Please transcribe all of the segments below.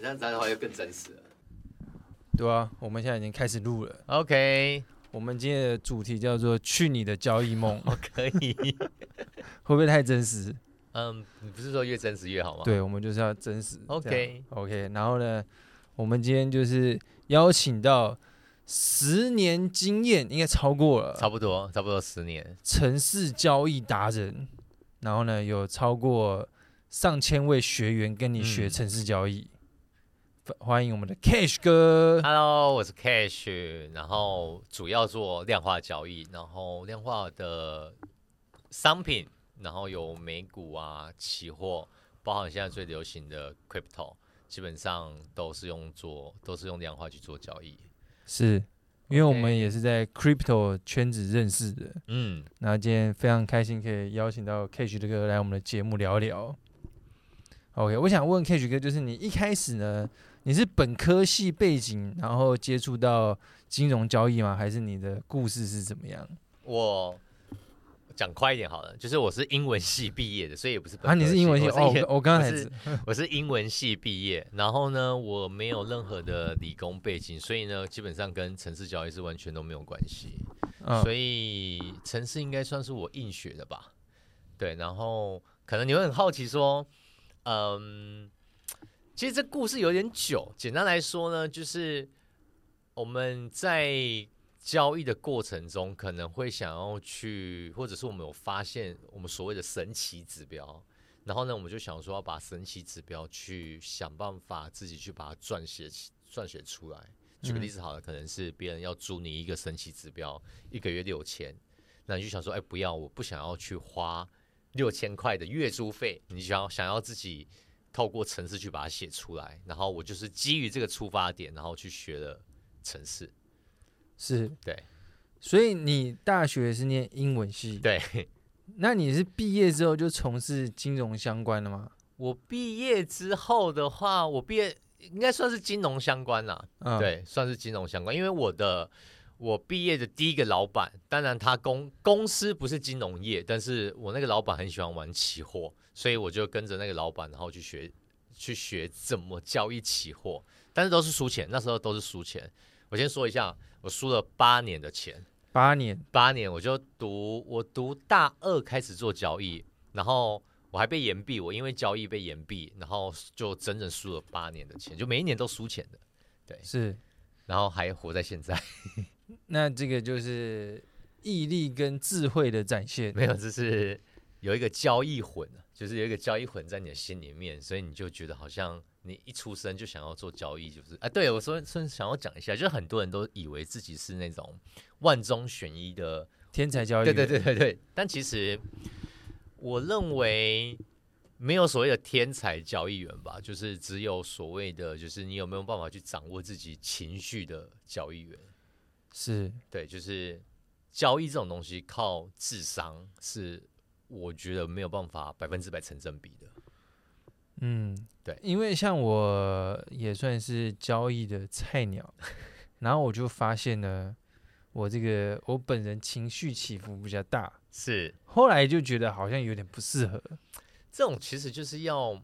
這樣子的話，就更真實了。對啊，我們現在已經開始錄了。OK，我們今天的主題叫做“去你的交易夢。” 可以？ 會不會太真實？嗯、um,，你不是說越真實越好嗎？對，我們就是要真實。OK，OK、okay. okay,。然後呢，我們今天就是邀請到十年經驗，應該超過了，差不多，差不多十年程式交易達人。然後呢，有超過上千位學員跟你學程式交易。嗯歡迎我們的 Cash 哥，Hello，我是 Cash，然後主要做量化交易，然後量化的商品，然後有美股啊、期貨，包含現在最流行的 Crypto，基本上都是用做，都是用量化去做交易。是，因為我們也是在 Crypto 圈子認識的，嗯，那今天非常開心可以邀請到 Cash 的哥來我們的節目聊聊。OK，我想問 Cash 哥，就是你一開始呢？你是本科系背景，然後接觸到金融交易嗎？還是你的故事是怎麼樣？我講快一點好了，就是我是英文系畢業的，所以也不是啊，你是英文系哦。我剛剛是我是英文系畢業， 然後呢，我沒有任何的理工背景，所以呢，基本上跟程式交易是完全都沒有關係，嗯。所以程式應該算是我硬學的吧？對，然後可能你會很好奇說，嗯。其實這故事有點久。簡單來說呢，就是我們在交易的過程中，可能會想要去，或者是我們有發現我們所謂的神奇指標，然後呢，我們就想說要把神奇指標去想辦法自己去把它撰寫、撰寫出來。舉個例子好了，可能是別人要租你一個神奇指標，一個月六千，那你就想說，哎，不要，我不想要去花六千塊的月租費，你想要想要自己。透過程式，去把它寫出來，然後我就是基於這個出發點，然後去學了程式。是，對，所以你大學是念英文系？對，那你是畢業之後就從事金融相關的嗎？我畢業之後的話，我畢業應該算是金融相關啦、嗯，對，算是金融相關，因為我的。我畢業的第一個老闆，當然他公公司不是金融業，但是我那個老闆很喜歡玩期貨，所以我就跟着那個老闆，然後去學去學怎麼交易期貨，但是都是輸錢，那時候都是輸錢。我先說一下，我輸了八年的錢，八年八年，我就讀我讀大二開始做交易，然後我還被延畢，我因為交易被延畢，然後就整整輸了八年的錢，就每一年都輸錢的，對，是，然後還活在現在。 那這個就是毅力跟智慧的展現。嗯、沒有，這，就是有一個交易魂，就是有一個交易魂在你的心裡面，所以你就覺得好像你一出生就想要做交易，就是啊，對我說說想要講一下，就是很多人都以為自己是那種萬中選一的天才交易員。對對對對對。但其實我認為沒有所謂的天才交易員吧，就是只有所謂的就是你有沒有辦法去掌握自己情緒的交易員。是對，就是交易這種東西靠智商是我覺得沒有辦法百分之百成正比的。嗯，對，因為像我也算是交易的菜鳥，然後我就發現呢，我這個我本人情緒起伏比較大，是後來就覺得好像有點不適合。這種其實就是要，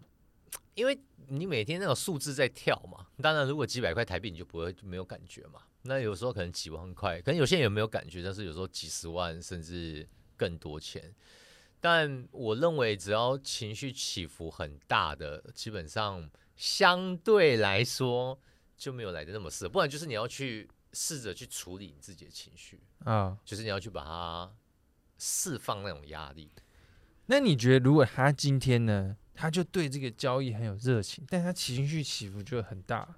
因為你每天那種數字在跳嘛，當然如果幾百塊台幣你就不會就沒有感覺嘛。那有時候可能幾萬塊，可能有些人有沒有感覺，但是有時候幾十萬甚至更多錢。但我認為，只要情緒起伏很大的，基本上相對來說就沒有來得那麼適合。不然就是你要去試着去處理你自己的情緒啊，oh. 就是你要去把它釋放那種壓力。那你覺得，如果他今天呢，他就對這個交易很有熱情，但他情緒起伏就很大？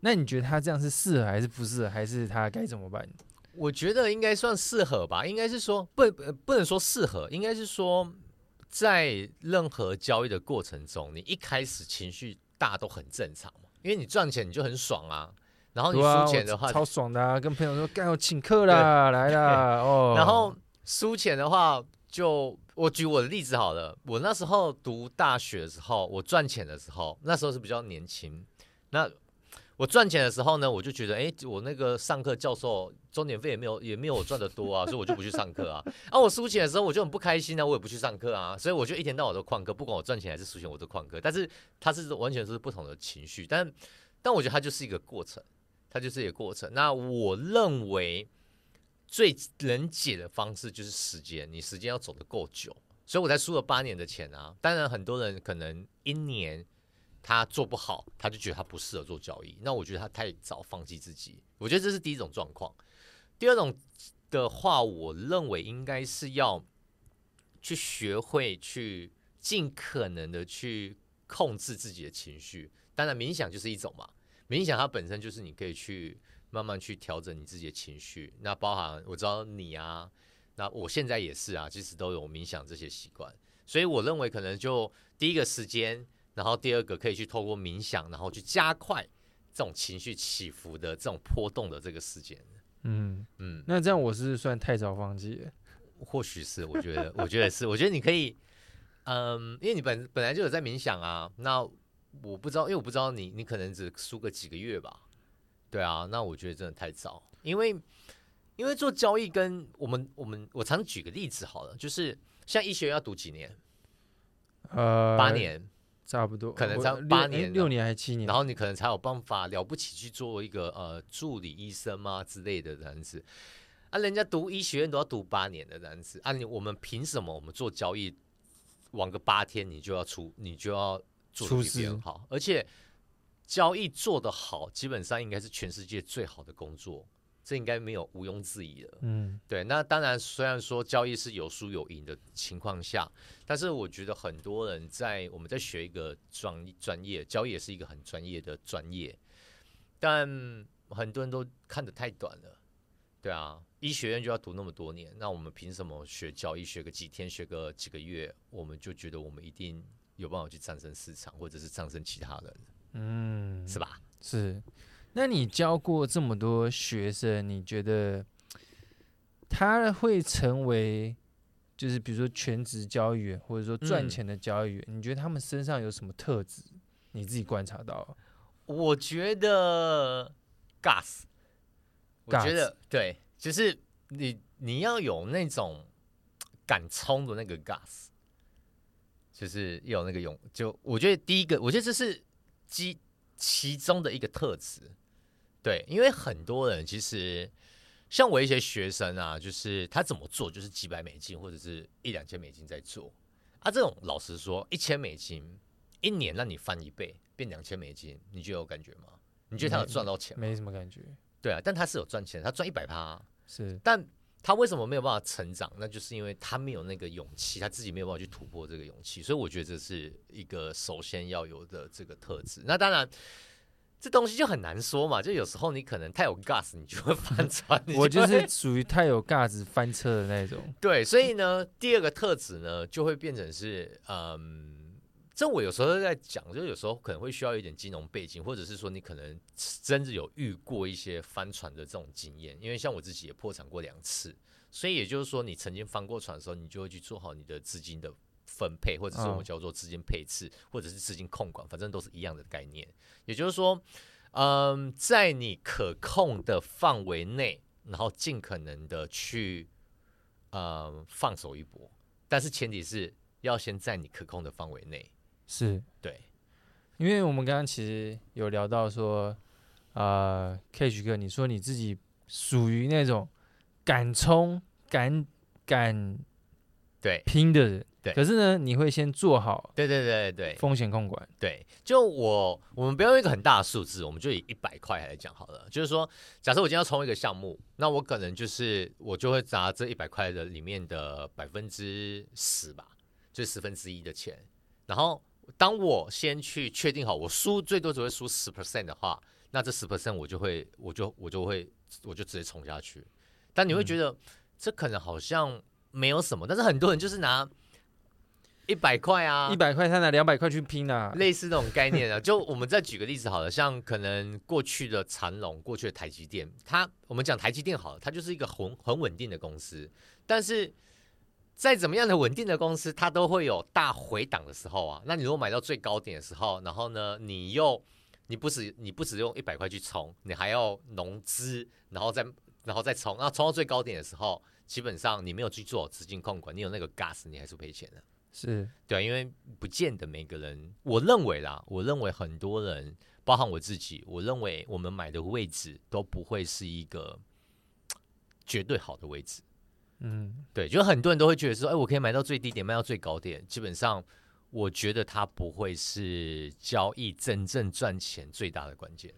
那你覺得他這樣是適合還是不適合，還是他該怎麼辦？我覺得應該算適合吧，應該是說不不，不能說適合，應該是說在任何交易的過程中，你一開始情緒大都很正常嘛，因為你賺錢你就很爽啊，然後你輸錢的話、啊、超爽的、啊，跟朋友說幹 我請客啦，來啦哦， 然後輸錢的話就我舉我的例子好了，我那時候讀大學的時候，我賺錢的時候，那時候是比較年輕，那。我賺錢的時候呢，我就覺得，誒、欸，我那個上課教授，鐘點費也沒有，也沒有我賺得多啊， 所以我就不去上課啊。啊，我輸錢的時候，我就很不開心啊，我也不去上課啊，所以我就一天到晚都曠課，不管我賺錢還是輸錢，我都曠課。但是它是完全是不同的情緒，但但我覺得它就是一個過程，它就是一個過程。那我認為最能解的方式就是時間，你時間要走得夠久，所以我才輸了八年的錢啊。當然，很多人可能一年。他做不好，他就覺得他不適合做交易。那我覺得他太早放棄自己，我覺得這是第一種狀況。第二種的話，我認為應該是要去學會去儘可能的去控制自己的情緒。當然，冥想就是一種嘛，冥想它本身就是你可以去慢慢去調整你自己的情緒。那包含我知道你啊，那我現在也是啊，其實都有冥想這些習慣。所以我認為可能就第一個時間。然後第二個可以去透過冥想，然後去加快這種情緒起伏的這種波動的這個時間。嗯嗯，那這樣我是算太早放棄？或許是我覺得，我覺得是， 我覺得你可以，嗯、呃，因為你本本來就有在冥想啊。那我不知道，因為我不知道你，你可能只輸個幾個月吧。對啊，那我覺得真的太早，因為因為做交易跟我們我們我常舉個例子好了，就是像醫學院要讀幾年？呃，八年。差不多，可能才八年，欸，六年還是七年，然後你可能才有辦法了不起去做一個呃助理醫生嘛之類的這樣子。啊，人家讀醫學院都要讀八年的這樣子，啊，你我們憑什麼？我們做交易玩個八天，你就要出，你就要出師好？而且交易做得好，基本上應該是全世界最好的工作。這應該沒有毋庸置疑的，嗯，對。那當然，雖然說交易是有輸有贏的情況下，但是我覺得很多人在我們在學一個專專業，交易也是一個很專業的專業，但很多人都看得太短了，對啊，醫學院就要讀那麼多年，那我們憑什麼學交易？學個幾天，學個幾個月，我們就覺得我們一定有辦法去戰勝市場，或者是戰勝其他人？嗯，是吧？是。那你教過這麼多學生，你覺得他會成為，就是比如說全職交易員，或者說賺錢的交易員，嗯，你覺得他們身上有什麼特質？你自己觀察到？我覺得 guts，我覺得 guts，對，就是你你要有那種敢衝的那個 guts，就是有那個勇，就我覺得第一個，我覺得這是基。其中的一個特質，對，因為很多人其實像我一些學生啊，就是他怎麼做就是幾百美金或者是一兩千美金在做，啊，這種老實說，一千美金一年讓你翻一倍變兩千美金，你覺得有感覺嗎？你覺得他有賺到錢嗎？沒什麼感覺，對啊，但他是有賺錢，他賺一百趴，是，但。他為什麼沒有辦法成長？那就是因為他沒有那個勇氣，他自己沒有辦法去突破這個勇氣。所以我覺得這是一個首先要有的這個特質。那當然，這東西就很難說嘛，就有時候你可能太有 gas，你就會翻船。 我就是屬於太有 gas 翻車的那種。 對，所以呢，第二個特質呢，就會變成是嗯。這我有時候在講，就有時候可能會需要一點金融背景，或者是說你可能真的有遇過一些翻船的這種經驗。因為像我自己也破產過兩次，所以也就是說你曾經翻過船的時候，你就會去做好你的資金的分配，或者是我們叫做資金配置，嗯，或者是資金控管，反正都是一樣的概念。也就是說，嗯，在你可控的範圍內，然後盡可能的去嗯放手一搏，但是前提是要先在你可控的範圍內。是對，因為我們剛剛其實有聊到說，呃，Cash 哥，你說你自己屬於那種敢衝、敢、敢對拼的人，對。可是呢，你會先做好，對對對對，風險控管對對對。對，就我，我們不要用一個很大的數字，我們就以一百塊來講好了。就是說，假設我今天要衝一個項目，那我可能就是我就會砸這一百塊的裡面的百分之十吧，就十分之一的錢，然後。當我先去確定好我輸最多只會輸十 percent 的話，那這十 percent 我就會，我就我就會，我就直接衝下去。但你會覺得這可能好像沒有什麼，嗯，但是很多人就是拿一百塊啊，一百塊他拿兩百塊去拼啊，類似這種概念啊。就我們再舉個例子好了， 像可能過去的長隆，過去的台積電，它我們講台積電好了，它就是一個很很穩定的公司，但是。再怎麼樣的穩定的公司，它都會有大回檔的時候啊。那你如果買到最高點的時候，然後呢，你又你不止你不止用一百塊去衝，你還要融資，然後再然後再衝，那衝到最高點的時候，基本上你沒有去做資金控管，你有那個 gas，你還是賠錢的。是對啊，因為不見得每個人，我認為啦，我認為很多人，包含我自己，我認為我們買的位置都不會是一個絕對好的位置。嗯，對，就很多人都會覺得說，哎、欸，我可以買到最低點，賣到最高點。基本上，我覺得它不會是交易真正賺錢最大的關鍵。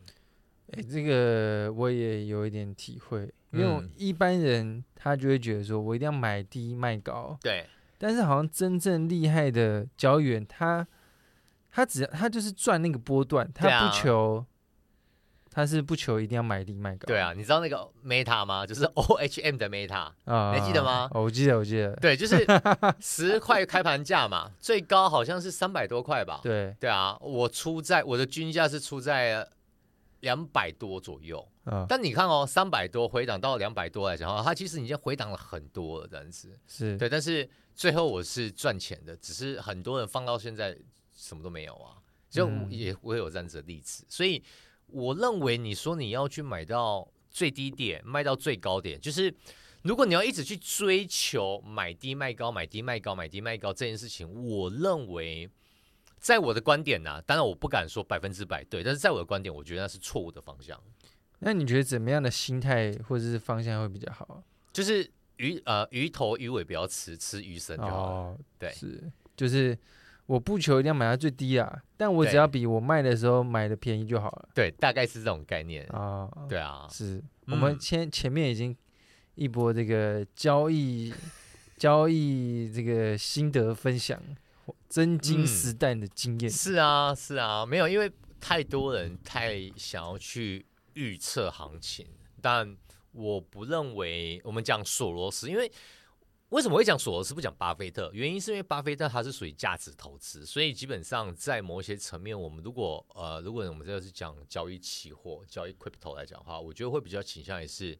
哎、欸，這個我也有一點體會，因為一般人他就會覺得說我一定要買低賣高。嗯、對。但是好像真正厲害的交易員他，他他只要他就是賺那個波段，他不求。他是不求一定要買低賣高。對啊，你知道那個 Meta 嗎？就是 O H M 的 Meta。嗯，你還記得嗎？哦，我記得，我記得。對，就是十塊開盤價嘛， 最高好像是三百多塊吧。對對啊，我出在我的均價是出在兩百多左右。嗯，但你看哦，三百多回檔到兩百多來講，它其實已經回檔了很多了，這樣子，是。對，但是最後我是賺錢的，只是很多人放到現在什麼都沒有啊，就我也會我有這樣子的例子，嗯、所以。我認為你說你要去買到最低點，賣到最高點，就是如果你要一直去追求買低賣高，買低賣高，買低賣高，買低賣高這件事情，我認為在我的觀點呢、啊，當然我不敢說百分之百對，但是在我的觀點，我覺得那是錯誤的方向。那你覺得怎麼樣的心態或者是方向會比較好？就是魚呃魚頭魚尾不要吃，吃魚身就好、哦、對，是就是。我不求一定要買到最低啊，但我只要比我賣的時候買的便宜就好了。對，大概是這種概念啊、哦。對啊，是。嗯、我們前前面已經一波這個交易 交易這個心得分享，真金實彈的經驗、嗯。是啊，是啊，沒有，因為太多人太想要去預測行情，但我不認為我們講索羅斯，因為。為什麼會講索羅斯不講巴菲特？原因是因為巴菲特他是屬於價值投資，所以基本上在某些層面，我們如果呃，如果我們這是講交易期貨、交易 crypto 來講的話，我覺得會比較傾向於是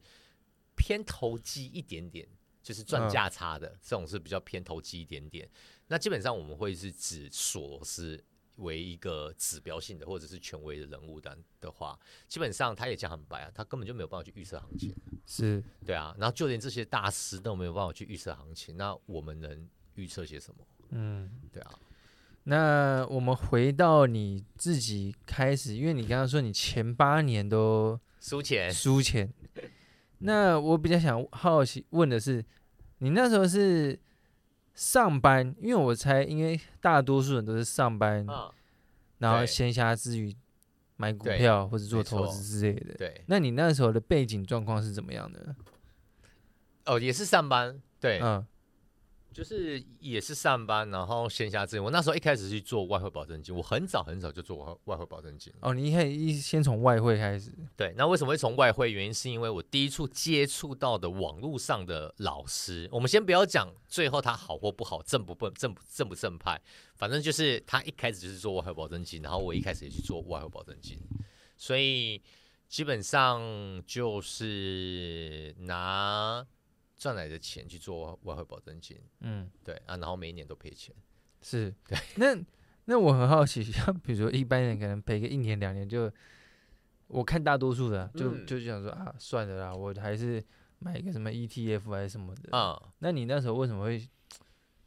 偏投機一點點，就是賺價差的、嗯、這種是比較偏投機一點點。那基本上我們會是指索羅斯，為一個指標性的或者是權威的人物的的話，基本上他也講很白啊，他根本就沒有辦法去預測行情，是對啊。然後就連這些大師都沒有辦法去預測行情，那我們能預測些什麼？嗯，對啊。那我們回到你自己開始，因為你剛剛說你前八年都輸錢，輸錢。那我比較想好奇問的是，你那時候是？上班，因為我猜，因為大多數人都是上班，嗯、然後閒暇之餘買股票或者做投資之類的。對，那你那時候的背景狀況是怎麼樣的？哦，也是上班，對，嗯。就是也是上班，然後閒暇之餘，我那時候一開始是去做外匯保證金，我很早很早就做外匯保證金。哦，你可以先從外匯開始。對，那為什麼會從外匯？原因是因為我第一處接觸到的網絡上的老師，我們先不要講最後他好或不好，正不正不正不正派，反正就是他一開始就是做外匯保證金，然後我一開始也去做外匯保證金，所以基本上就是拿。賺來的錢去做外匯保證金，嗯，對啊，然後每一年都賠錢，是對。那那我很好奇，像比如說一般人可能賠個一年兩年就，我看大多數的，啊、就、嗯、就想說啊，算了啦，我還是買一個什麼 ETF 還是什麼的啊、嗯。那你那時候為什麼會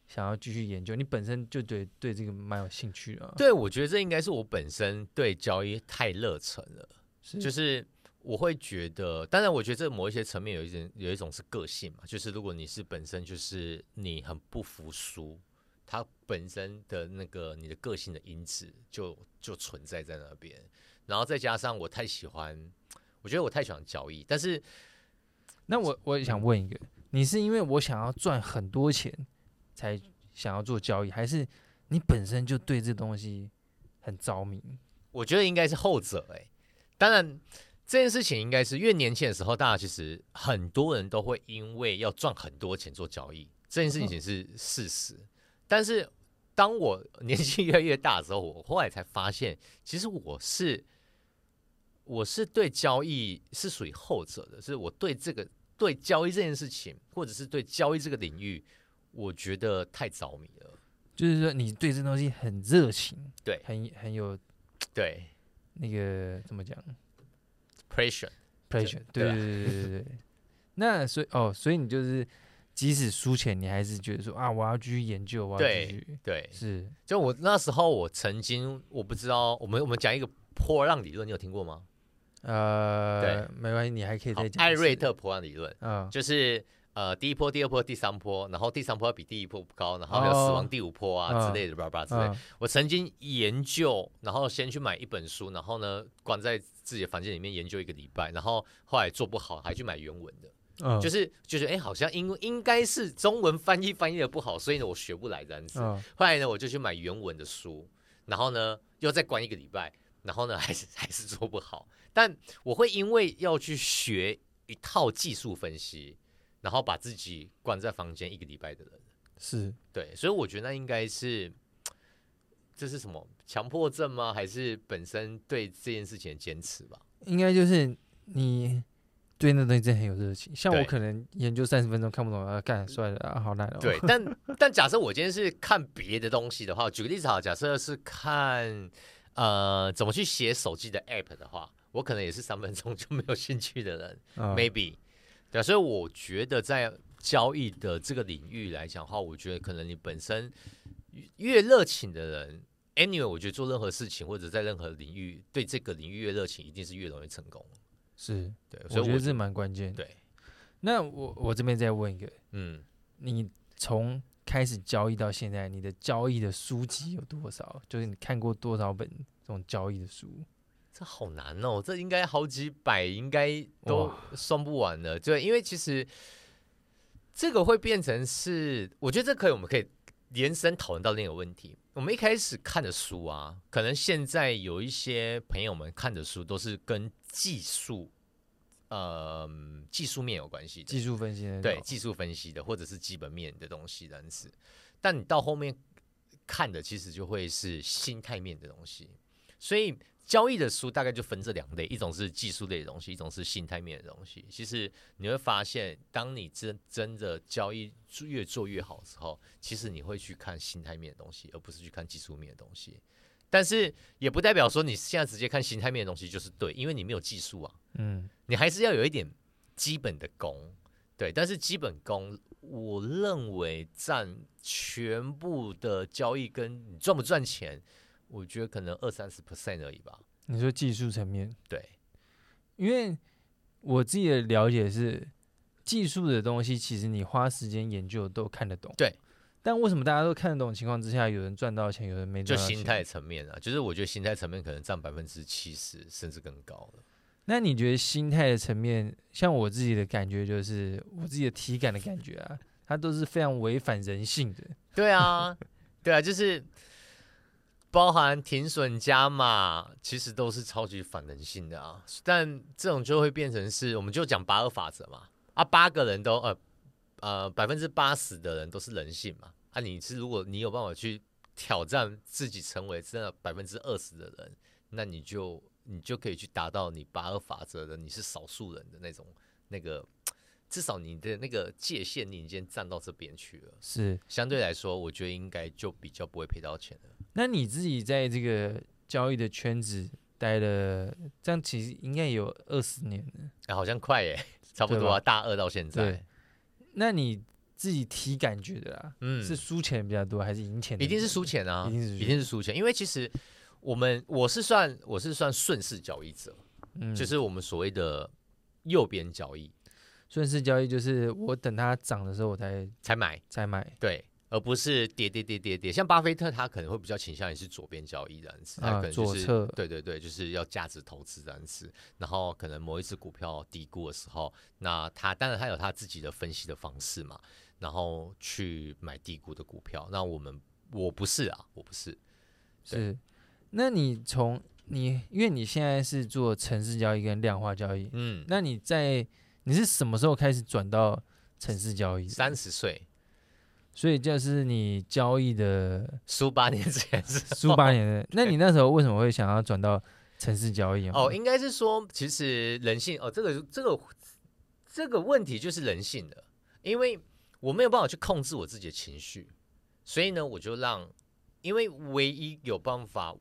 想要繼續研究？你本身就對對這個蠻有興趣的啊。對，我覺得這應該是我本身對交易太熱忱了，是就是。我會覺得，當然，我覺得這某一些層面有一種有一種是個性嘛，就是如果你是本身就是你很不服輸，它本身的那個你的個性的因子就就存在在那邊，然後再加上我太喜歡，我覺得我太喜歡交易，但是那我我也想問一個，你是因為我想要賺很多錢才想要做交易，還是你本身就對這東西很着迷？我覺得應該是後者哎、欸，當然。這件事情應該是越年輕的時候，大家其實很多人都會因為要賺很多錢做交易，這件事情是事實。哦，但是當我年紀越來越大的時候，我後來才發現，其實我是我是對交易是屬於後者的是，我對這個對交易這件事情，或者是對交易這個領域，我覺得太着迷了。就是說，你對這東西很熱情，對，很很有，對，那個怎麼講？pressure，pressure，Pressure，對對對對 那所以哦，所以你就是即使輸錢，你還是覺得說啊，我要繼續研究，我要繼續。對。對，是，就我那時候我曾經我不知道，我們我們講一個波浪理論，你有聽過嗎？呃，對，沒關係，你還可以再講。艾瑞特波浪理論，嗯、哦，就是。呃，第一波、第二波、第三波，然後第三波要比第一波高，然後要死亡第五波啊、oh, 之類的吧吧、uh, uh, 之類的。我曾經研究，然後先去買一本書，然後呢關在自己的房間裡面研究一個禮拜，然後後來做不好，還去買原文的，uh, 就是就是哎、欸，好像因應，應該是中文翻譯翻譯的不好，所以呢我學不來這樣子。Uh, 後來呢我就去買原文的書，然後呢又再關一個禮拜，然後呢還是還是做不好。但我會因為要去學一套技術分析。然後把自己關在房間一個禮拜的人，是對，所以我覺得那應該是這是什麼強迫症嗎？還是本身對這件事情的堅持吧？應該就是你對那東西真的很有熱情。像我可能研究三十分鐘看不懂，要幹算了，好難哦，對，但但假設我今天是看別的東西的話， 舉個例子啊，假設是看呃怎麼去寫手機的 APP 的話，我可能也是三分鐘就沒有興趣的人，哦，maybe。對，所以我覺得在交易的這個領域來講的話，我覺得可能你本身越熱情的人，anyway，我覺得做任何事情或者在任何領域，對這個領域越熱情，一定是越容易成功。是對，所以我覺得是蠻關鍵。對，那我我這邊再問一個，嗯，你從開始交易到現在，你的交易的書籍有多少？就是你看過多少本這種交易的書？這好難哦，這應該好幾百，應該都算不完的哦。對，因為其實這個會變成是，我覺得這可以，我們可以延伸討論到另一個問題。我們一開始看的書啊，可能現在有一些朋友們看的書都是跟技術，嗯、呃，技術面有關係的，技術分析對、哦、技術分析的，或者是基本面的東西，但是，但你到後面看的其實就會是心態面的東西，所以。交易的書大概就分這兩類，一種是技術類的東西，一種是心態面的東西。其實你會發現，當你真真的交易越做越好的時候，其實你會去看心態面的東西，而不是去看技術面的東西。但是也不代表說你現在直接看心態面的東西就是對，因為你沒有技術啊。嗯，你還是要有一點基本的功，對。但是基本功，我認為占全部的交易跟你賺不賺錢。我覺得可能二三十 percent 而已吧。你說技術層面，對，因為我自己的了解是，技術的東西其實你花時間研究都看得懂。對，但為什麼大家都看得懂情況之下，有人賺到錢，有人沒賺到錢？就心態層面啊，就是我覺得心態層面可能占百分之七十甚至更高。那你覺得心態的層面，像我自己的感覺就是我自己的體感的感覺啊，它都是非常違反人性的。對啊， 對啊，就是。包含停損加碼，其實都是超級反人性的啊。但這種就會變成是，我們就講八二法則嘛。啊，八個人都呃呃，百分之八十的人都是人性嘛。啊，你是如果你有辦法去挑戰自己，成為真的百分之二十的人，那你就你就可以去達到你八二法則的，你是少數人的那種那個，至少你的那個界限你已經站到這邊去了。是，相對來說，我覺得應該就比較不會賠到錢了。那你自己在這個交易的圈子待了，這樣其實應該有二十年了、啊，好像快耶，差不多、啊、大二到現在。那你自己體感覺的、啊，嗯，是輸錢比較多還是贏錢？一定是輸錢啊，一定是、啊、一定是輸錢，因為其實我們我是算我是算順勢交易者，嗯，就是我們所謂的右邊交易，順勢交易就是我等它漲的時候我才才買才買，對。而不是跌跌跌跌跌，像巴菲特他可能會比較傾向於是左邊交易樣子，但、啊、是他可能就是左對對對，就是要價值投資樣子，但是然後可能某一只股票低估的時候，那他當然他有他自己的分析的方式嘛，然後去買低估的股票。那我們我不是啊，我不是，是，那你從你因為你現在是做程式交易跟量化交易，嗯，那你在你是什麼時候開始轉到程式交易？三十歲。所以這是你交易的十八年前？十 八年前。那你那時候為什麼會想要轉到程式交易哦？應該是說，其實人性哦，這個這個這個問題就是人性的。因為我沒有辦法去控制我自己的情緒，所以呢，我就讓，因為唯一有辦法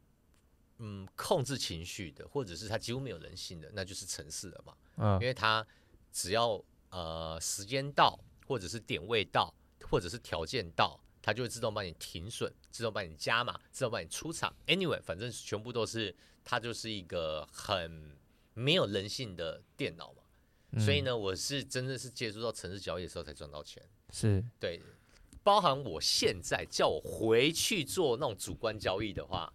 嗯控制情緒的，或者是他幾乎沒有人性的，那就是程式了嘛，嗯、哦，因為他只要呃時間到，或者是點位到。或者是條件到，它就會自動幫你停損，自動幫你加碼，自動幫你出場。anyway，反正全部都是它就是一個很沒有人性的電腦嘛、嗯。所以呢，我是真的是接觸到程式交易的時候才賺到錢。是對，包含我現在叫我回去做那種主觀交易的話，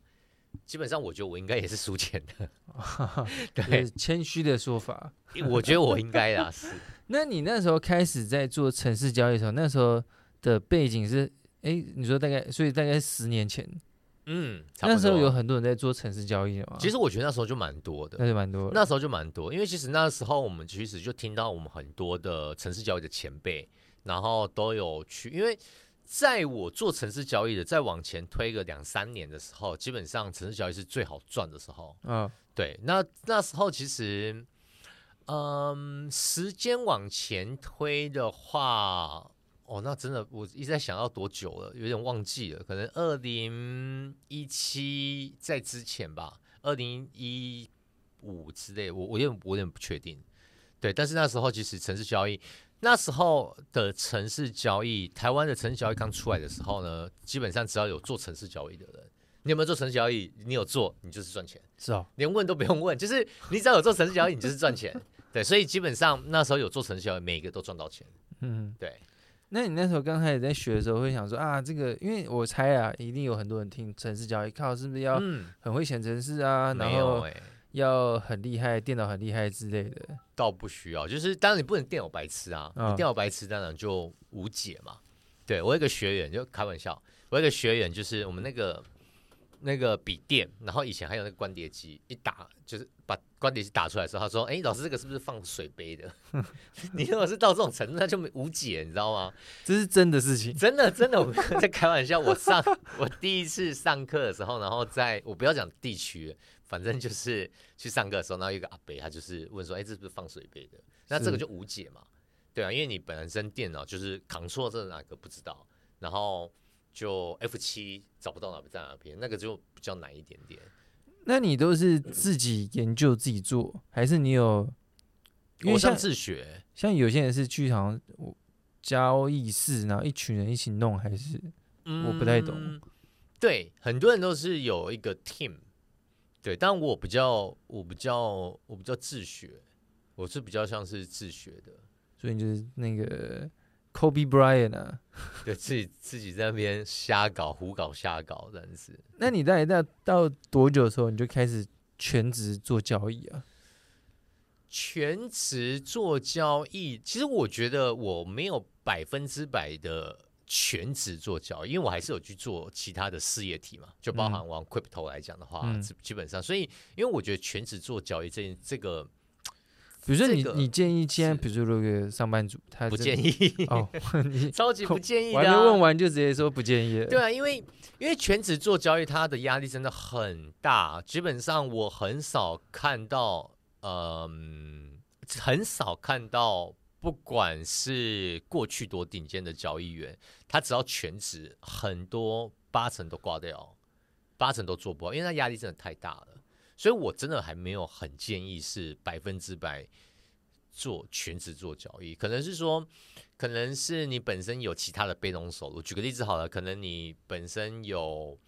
基本上我覺得我應該也是輸錢的。哦、 對，就是謙虛的說法。 我覺得我應該啊是。那你那時候開始在做程式交易的時候，那時候。的背景是，哎，你說大概，所以大概十年前，嗯，差不多，那時候有很多人在做程式交易嘛。其實我覺得那時候就蠻多的，那就蠻多。那時候就蠻多，因為其實那時候我們其實就聽到我們很多的程式交易的前輩，然後都有去。因為在我做程式交易的再往前推個兩三年的時候，基本上程式交易是最好賺的時候。嗯、哦，對。那那時候其實，嗯，時間往前推的話。哦，那真的，我一直在想要多久了，有點忘記了，可能二零一七再之前吧，二零一五之類，我我有點，我有點不確定。對，但是那時候其實程式交易，那時候的程式交易，台灣的程式交易剛出來的時候呢，基本上只要有做程式交易的人，你有沒有做程式交易？你有做，你就是賺錢。是啊、哦，連問都不用問，就是你只要有做程式交易，你就是賺錢。對，所以基本上那時候有做程式交易，每一個都賺到錢。嗯，對。那你那時候剛開始在學的時候，會想說啊，這個因為我猜啊，一定有很多人聽程式交易靠，是不是要很會寫程式啊？嗯，然後要很厲害，欸、電腦很厲害之類的。倒不需要，就是當然你不能電腦白痴啊，你電腦白痴當然就無解嘛。哦、對，我有一個學員就開玩笑，我有一個學員就是我們那個。嗯那個筆電，然後以前還有那個光碟機，一打就是把光碟機打出來的時候，他說：“哎、欸，老師這個是不是放水杯的？” 你如果是到這種程度他就沒無解，你知道嗎？這是真的事情，真的真的，我 在開玩笑。我上我第一次上課的時候，然後在我不要講地區，反正就是去上課的時候，然後有一個阿伯他就是問說：“哎、欸，這是不是放水杯的？”那這個就無解嘛。對啊，因為你本身電腦就是扛錯這哪個不知道，然後。就 F7 找不到哪邊在哪邊，那個就比較難一點點。那你都是自己研究自己做，還是你有？因為像我像自學，像有些人是去好像我交易室，然後一群人一起弄，還是、嗯、我不太懂。對，很多人都是有一個 team，對，但我比較我比較我比較自學，我是比較像是自學的，所以就是那個。Toby Bryan 啊，對，自己自己在那邊瞎搞、 胡搞、瞎搞這樣子。那你大概到多久的時候，你就開始全職做交易啊？全職做交易，其實我覺得我沒有百分之百的全職做交易，因為我還是有去做其他的事業體嘛，就包含往 Crypto 來講的話，嗯、基本上，所以因為我覺得全職做交易這這個。比如說你，這個、你建議簽，今天比如說，如果上班族，他不建議哦？你 超級不建議的、啊，還問完就直接說不建議。對啊，因為因為全職做交易，他的壓力真的很大。基本上我很少看到，嗯、呃，很少看到，不管是過去多頂尖的交易員，他只要全職，很多八成都掛掉，八成都做不好，因為他壓力真的太大了。所以我真的還沒有很建議是百分之百做全職做交易，可能是說，可能是你本身有其他的被動收入。舉個例子好了，可能你本身有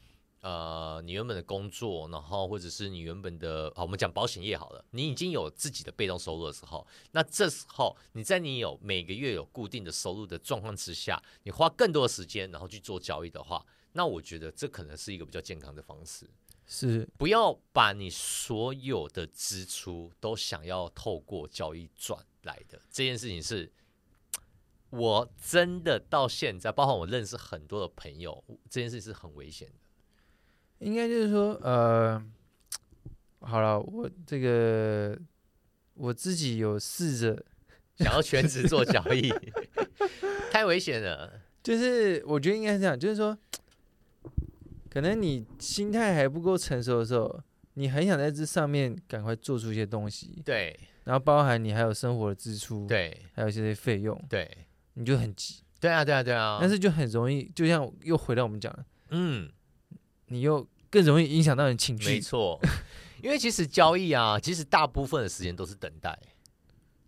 呃你原本的工作，然後或者是你原本的，好，我們講保險業好了，你已經有自己的被動收入的時候，那這時候你在你有每個月有固定的收入的狀況之下，你花更多的時間然後去做交易的話，那我覺得這可能是一個比較健康的方式。是，不要把你所有的支出都想要透過交易賺來的，這件事情是，是我真的到現在，包括我認識很多的朋友，這件事情是很危險的。應該就是說，呃，好了，我這個我自己有試着想要全職做交易， 太危險了。就是我覺得應該是這樣，就是說。可能你心態還不夠成熟的時候，你很想在這上面趕快做出一些東西，對，然後包含你還有生活的支出，對，還有一些費用，對，你就很急，對啊，對啊，對啊，但是就很容易，就像又回到我們講的，嗯，你又更容易影響到你情緒，沒錯， 因為其實交易啊，其實大部分的時間都是等待，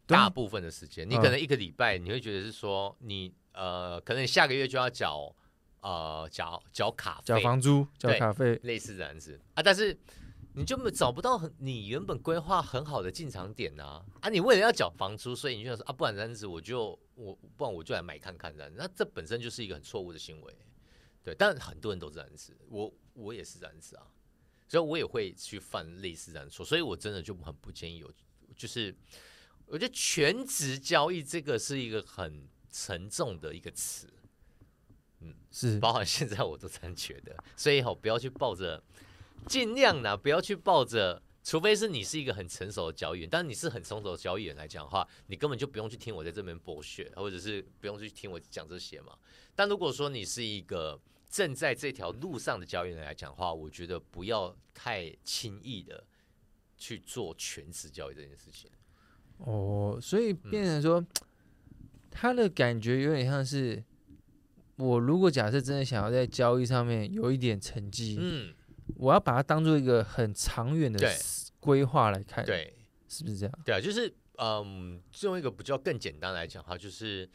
對，大部分的時間，你可能一個禮拜，你會覺得是說，嗯，你呃，可能下個月就要繳。呃，繳繳卡繳房租、繳卡費，類似這樣子啊。但是你就沒有找不到很你原本規劃很好的進場點吶啊。啊你為了要繳房租，所以你就想說啊，不然這樣子我就我，不然我就來買看看這樣子。那這本身就是一個很錯誤的行為，對。但很多人都是這樣子，我我也是這樣子啊，所以我也會去犯類似這樣錯。所以我真的就很不建議有，就是我覺得全職交易這個是一個很沉重的一個詞。是，包括現在我都這樣覺得，所以好，不要去抱着，儘量呢，不要去抱着，除非是你是一個很成熟的交易員，但你是很成熟的交易員來講的話，你根本就不用去聽我在這邊剝削，或者是不用去聽我講這些嘛。但如果說你是一個正在這條路上的交易員來講的話，我覺得不要太輕易的去做全職交易這件事情。哦，所以變成說，嗯、他的感覺有點像是。我如果假設真的想要在交易上面有一點成績，嗯，我要把它當做一個很長遠的規劃來看，對，對，是不是這樣？對啊，就是，嗯，最後一個比較更簡單來講哈，就是，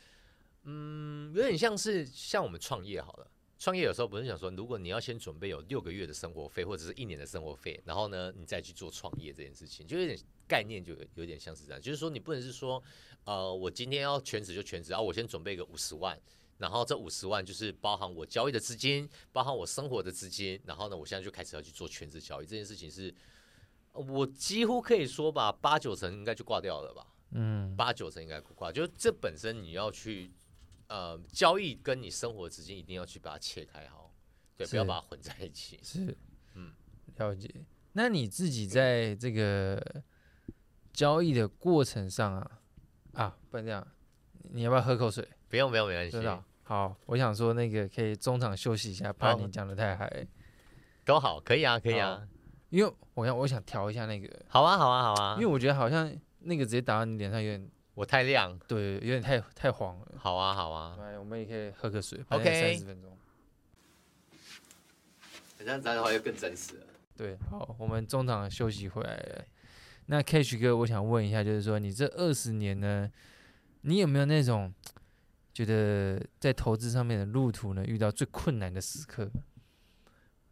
嗯，有點像是像我們創業好了，創業有時候不是想說，如果你要先準備有六個月的生活費或者是一年的生活費，然後呢，你再去做創業這件事情，就有點概念，就有點像是這樣，就是說你不能是說，呃，我今天要全職就全職啊，我先準備個五十萬。然後這五十萬就是包含我交易的資金，包含我生活的資金。然後呢，我現在就開始要去做全職交易這件事情，是我幾乎可以說吧，八九成應該就掛掉了吧？嗯，八九成應該掛，就是這本身你要去呃交易跟你生活資金一定要去把它切開，好，對，不要把它混在一起。是，嗯，了解。那你自己在這個交易的過程上啊啊，不然這樣，你要不要喝口水？不用不用，沒關係。好，我想說那個可以中場休息一下，怕你講得太嗨。都好，可以啊，可以啊。因為我想，我想調一下那個。好啊，好啊，好啊。因為我覺得好像那個直接打到你臉上有點，我太亮。對，有點太太黃了。好啊，好啊。對，我們也可以喝個水。OK。三十分鐘。好像咱的話又更真實了。對，好，我們中場休息回來了。嗯。那 Cash 哥，我想問一下，就是說你這二十年呢，你有沒有那種覺得在投資上面的路途呢，遇到最困難的時刻。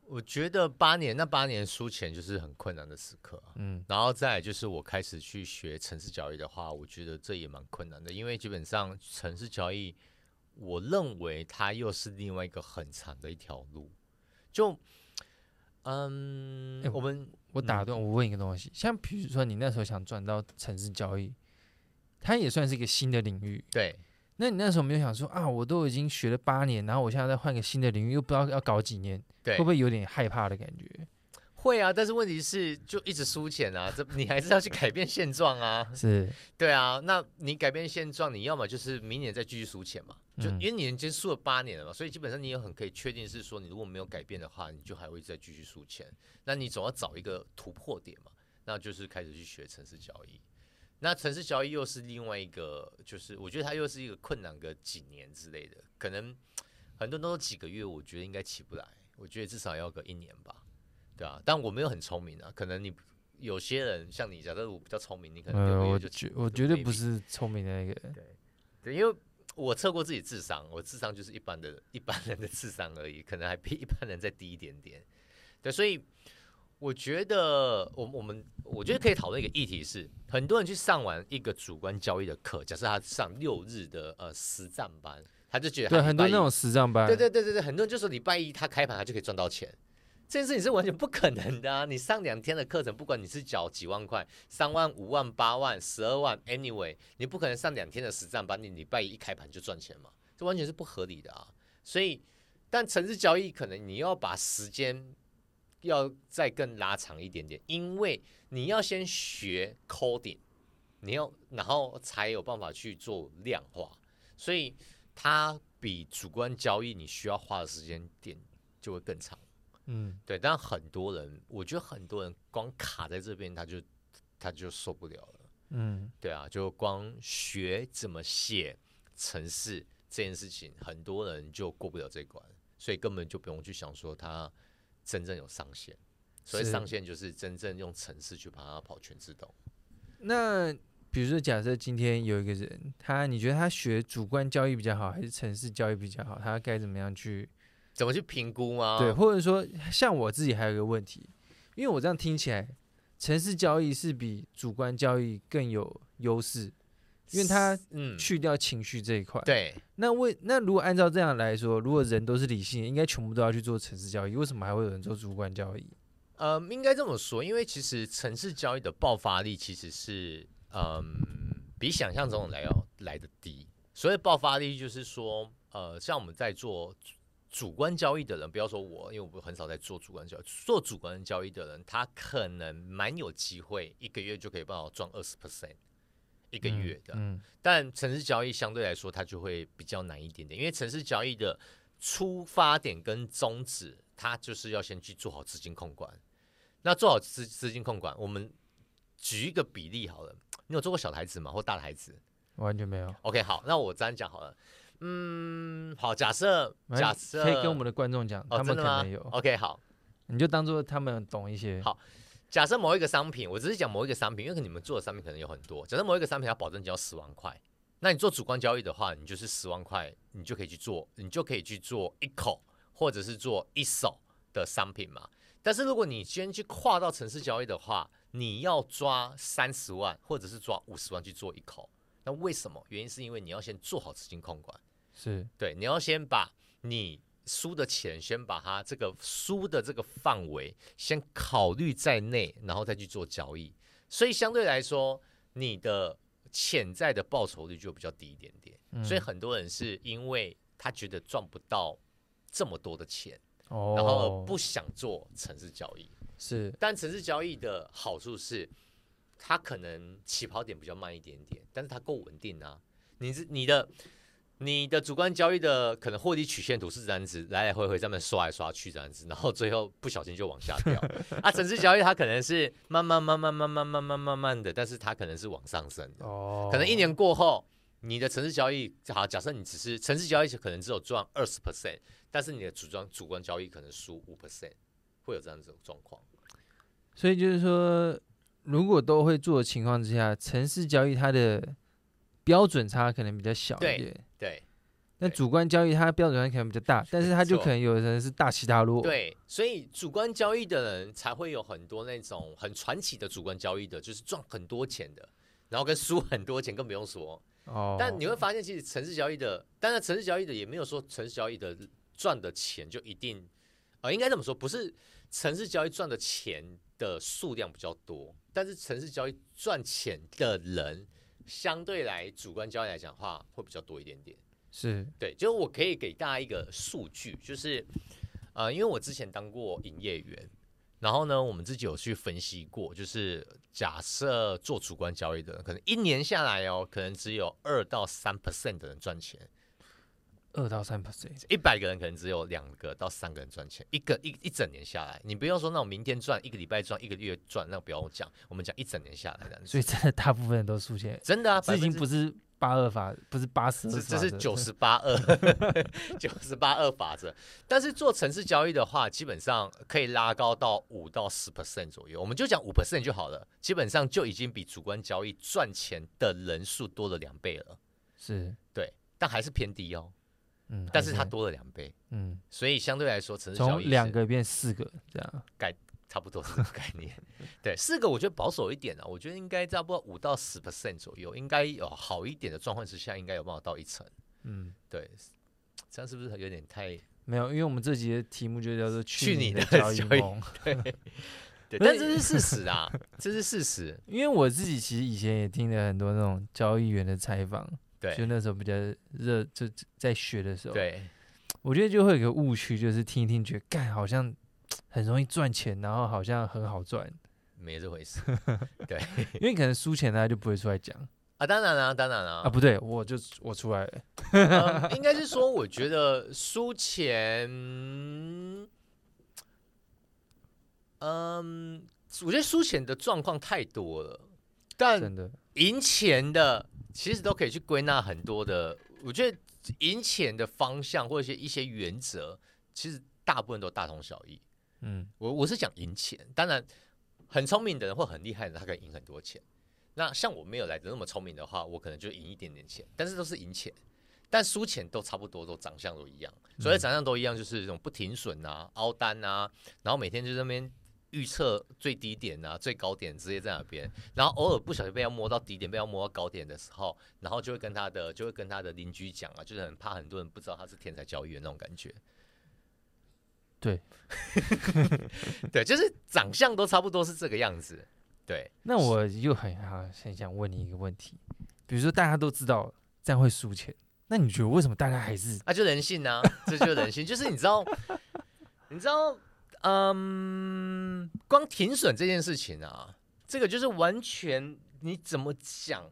我覺得八年那八年輸錢就是很困難的時刻、啊，嗯，然後再就是我開始去學程式交易的話，我覺得這也蠻困難的，因為基本上程式交易，我認為它又是另外一個很長的一條路。就，嗯，欸、我，我們我打斷、嗯，我問一個東西，像比如說你那時候想轉到程式交易，它也算是一個新的領域，對。那你那時候沒有想說啊，我都已經學了八年，然後我現在再換個新的領域，又不知道要搞幾年，對，會不會有點害怕的感覺？會啊，但是問題是就一直輸錢啊，這你還是要去改變現狀啊。 是，對啊，那你改變現狀，你要麼就是明年再繼續輸錢嘛？就、嗯、因為你已經輸了八年了嘛，所以基本上你也很可以確定是說，你如果沒有改變的話，你就還會再繼續輸錢。那你總要找一個突破點嘛，那就是開始去學程式交易。那程式交易又是另外一個，就是我覺得它又是一個困難個幾年之類的，可能很多都是幾個月，我覺得應該起不來，我覺得至少要個一年吧。對啊，但我沒有很聰明啊，可能你有些人像你這樣，但是我比較聰明，你可能就、嗯、我覺我絕對不是聰明的一、那個對，對，因為我測過自己智商，我智商就是一般的一般人的智商而已，可能還比一般人再低一點點，對，所以。我覺得，我我們我覺得可以討論一個議題是，很多人去上完一個主觀交易的課，假設他上六日的呃實戰班，他就覺得很多那種實戰班，對對對對很多人就說禮拜一他開盤他就可以賺到錢，這件事情是完全不可能的啊。你上兩天的課程，不管你是繳幾萬塊，三萬、五萬、八萬、十二萬，anyway，你不可能上兩天的實戰班，你禮拜一一開盤就賺錢嘛？這完全是不合理的啊。所以，但程式交易可能你要把時間。要再更拉長一點點，因為你要先學 coding，你要然後才有辦法去做量化，所以它比主觀交易你需要花的時間點就會更長。嗯，對。但很多人，我覺得很多人光卡在這邊，他就他就受不了了。嗯，對啊，就光學怎麼寫程式這件事情，很多人就過不了這關，所以根本就不用去想說他。真正有上線，所以上線就是真正用程式去把它跑全自動。那比如說，假設今天有一個人，他你覺得他學主觀交易比較好，還是程式交易比較好？他該怎麼樣去？怎麼去評估嗎？對，或者說像我自己還有一個問題，因為我這樣聽起來，程式交易是比主觀交易更有優勢。因為他去掉情緒這一塊、嗯，對，那為那如果按照這樣來說，如果人都是理性，應該全部都要去做程式交易，為什麼還會有人做主觀交易？呃、嗯，應該這麼說，因為其實程式交易的爆發力其實是，嗯，比想象中的來要來得低。所以爆發力，就是說，呃，像我們在做主觀交易的人，不要說我，因為我們很少在做主觀交易。做主觀交易的人，他可能蠻有機會，一個月就可以幫我賺二十 percent。一個月的、嗯嗯，但程式交易相對來說它就會比較難一點點，因為程式交易的出發點跟宗旨，它就是要先去做好資金控管。那做好資資金控管，我們舉一個比例好了，你有做過小台子嗎或大台子？完全沒有。OK，好，那我這樣講好了，嗯，好，假設假設可以跟我們的觀眾講，他們可能有。OK，好，你就當做他們懂一些。好。假設某一個商品，我只是講某一個商品，因為你們做的商品可能有很多。假設某一個商品，它保證金要十萬塊，那你做主觀交易的話，你就是十萬塊，你就可以去做，你就可以去做一口，或者是做一手的商品嘛。但是如果你先去跨到程式交易的話，你要抓三十萬，或者是抓五十萬去做一口，那為什麼？原因是因為你要先做好資金控管，是對，你要先把你。輸的錢，先把它這個輸的這個範圍先考慮在內，然後再去做交易，所以相對來說你的潛在的報酬率就比較低一點點。嗯、所以很多人是因為他覺得賺不到這麼多的錢，哦、然後不想做程式交易。是，但程式交易的好處是，它可能起跑點比較慢一點點，但是它夠穩定啊。你這你的。你的主觀交易的可能獲利曲線圖是這樣子，來來回回在那刷來刷去這樣子，然後最後不小心就往下掉。 啊，程式交易它可能是慢慢慢慢慢慢慢慢慢慢的，但是它可能是往上升的。哦、oh.，可能一年過後，你的程式交易好，假設你只是程式交易，可能只有賺二十 percent，但是你的主觀主觀交易可能輸五 percent，會有這樣子的狀況。所以就是說，如果都會做的情況之下，程式交易它的標準差可能比較小一點。對對，那主觀交易它的標準可能比較大，但是它就可能有人是大起大落。對，所以主觀交易的人才會有很多那種很傳奇的主觀交易的，就是賺很多錢的，然後跟輸很多錢更不用說。哦，但你會發現，其實程式交易的，當然程式交易的也沒有說程式交易的賺的錢就一定呃，應該這麼說，不是程式交易賺的錢的數量比較多，但是程式交易賺錢的人。相對來主觀交易來講的話，會比較多一點點。是對，就是我可以給大家一個數據，就是呃，因為我之前當過營業員，然後呢，我們自己有去分析過，就是假設做主觀交易的人，可能一年下來哦，可能只有二到三 percent 的人賺錢。二到三 percent，一百個人可能只有兩個到三個人賺錢，一個一一整年下來，你不要說那種明天賺、一個禮拜賺、一個月賺，那個、不用講，我們講一整年下來的。所以真的，大部分人都輸錢。真的啊，這已經不是八二法，不是八十，這是九十八二，九十八二法則。但是做程式交易的話，基本上可以拉高到五到十 percent 左右，我們就講五 percent 就好了。基本上就已經比主觀交易賺錢的人數多了兩倍了。是、嗯、對，但還是偏低哦。嗯，但是它多了兩倍，嗯，所以相對來說，從兩個變四個，這樣概差不多這個概念。 對，四個我覺得保守一點呢、啊，我覺得應該差不多五到十 percent 左右。應該有好一點的狀況之下，應該有辦法到一層。嗯，對，這樣是不是有點太？沒有，因為我們這集的題目就叫做“去你的交易夢 對, 對，但，是但是這是事實啊， 這是事實。因為我自己其實以前也聽了很多那種交易員的採訪。就那時候比較熱，就在學的時候。對，我覺得就會有一個誤區，就是聽一聽，覺得幹好像很容易賺錢，然後好像很好賺，沒這回事。對， 因為可能輸錢大家就不會出來講啊，當然了、啊，當然了啊，啊，不對，我就我出來了。嗯、應該是說，我覺得輸錢， 嗯，我覺得輸錢的狀況太多了，但贏錢的。其實都可以去歸納很多的，我覺得贏錢的方向或者是一些原則，其實大部分都大同小異。嗯，我我是講贏錢，當然很聰明的人或很厲害的人，他可以贏很多錢。那像我沒有來得那麼聰明的話，我可能就贏一點點錢，但是都是贏錢，但輸錢都差不多，都長相都一樣，所以長相都一樣就是這種不停損啊、凹單啊，然後每天就在那邊。預測最低點吶、啊，最高點直接在哪邊？然後偶爾不小心被他摸到底點，被他摸到高點的時候，然後就會跟他的，就會跟他的鄰居講啊，就是很怕很多人不知道他是天才交易員的那種感覺。對， 對，就是長相都差不多是這個樣子。對，那我又很很、啊、想問你一個問題，比如說大家都知道這樣會輸錢，那你覺得為什麼大家還是 啊？就人性呢、啊？這就,就人性，就是你知道， 你知道。嗯、um，光停損這件事情啊，這個就是完全你怎麼講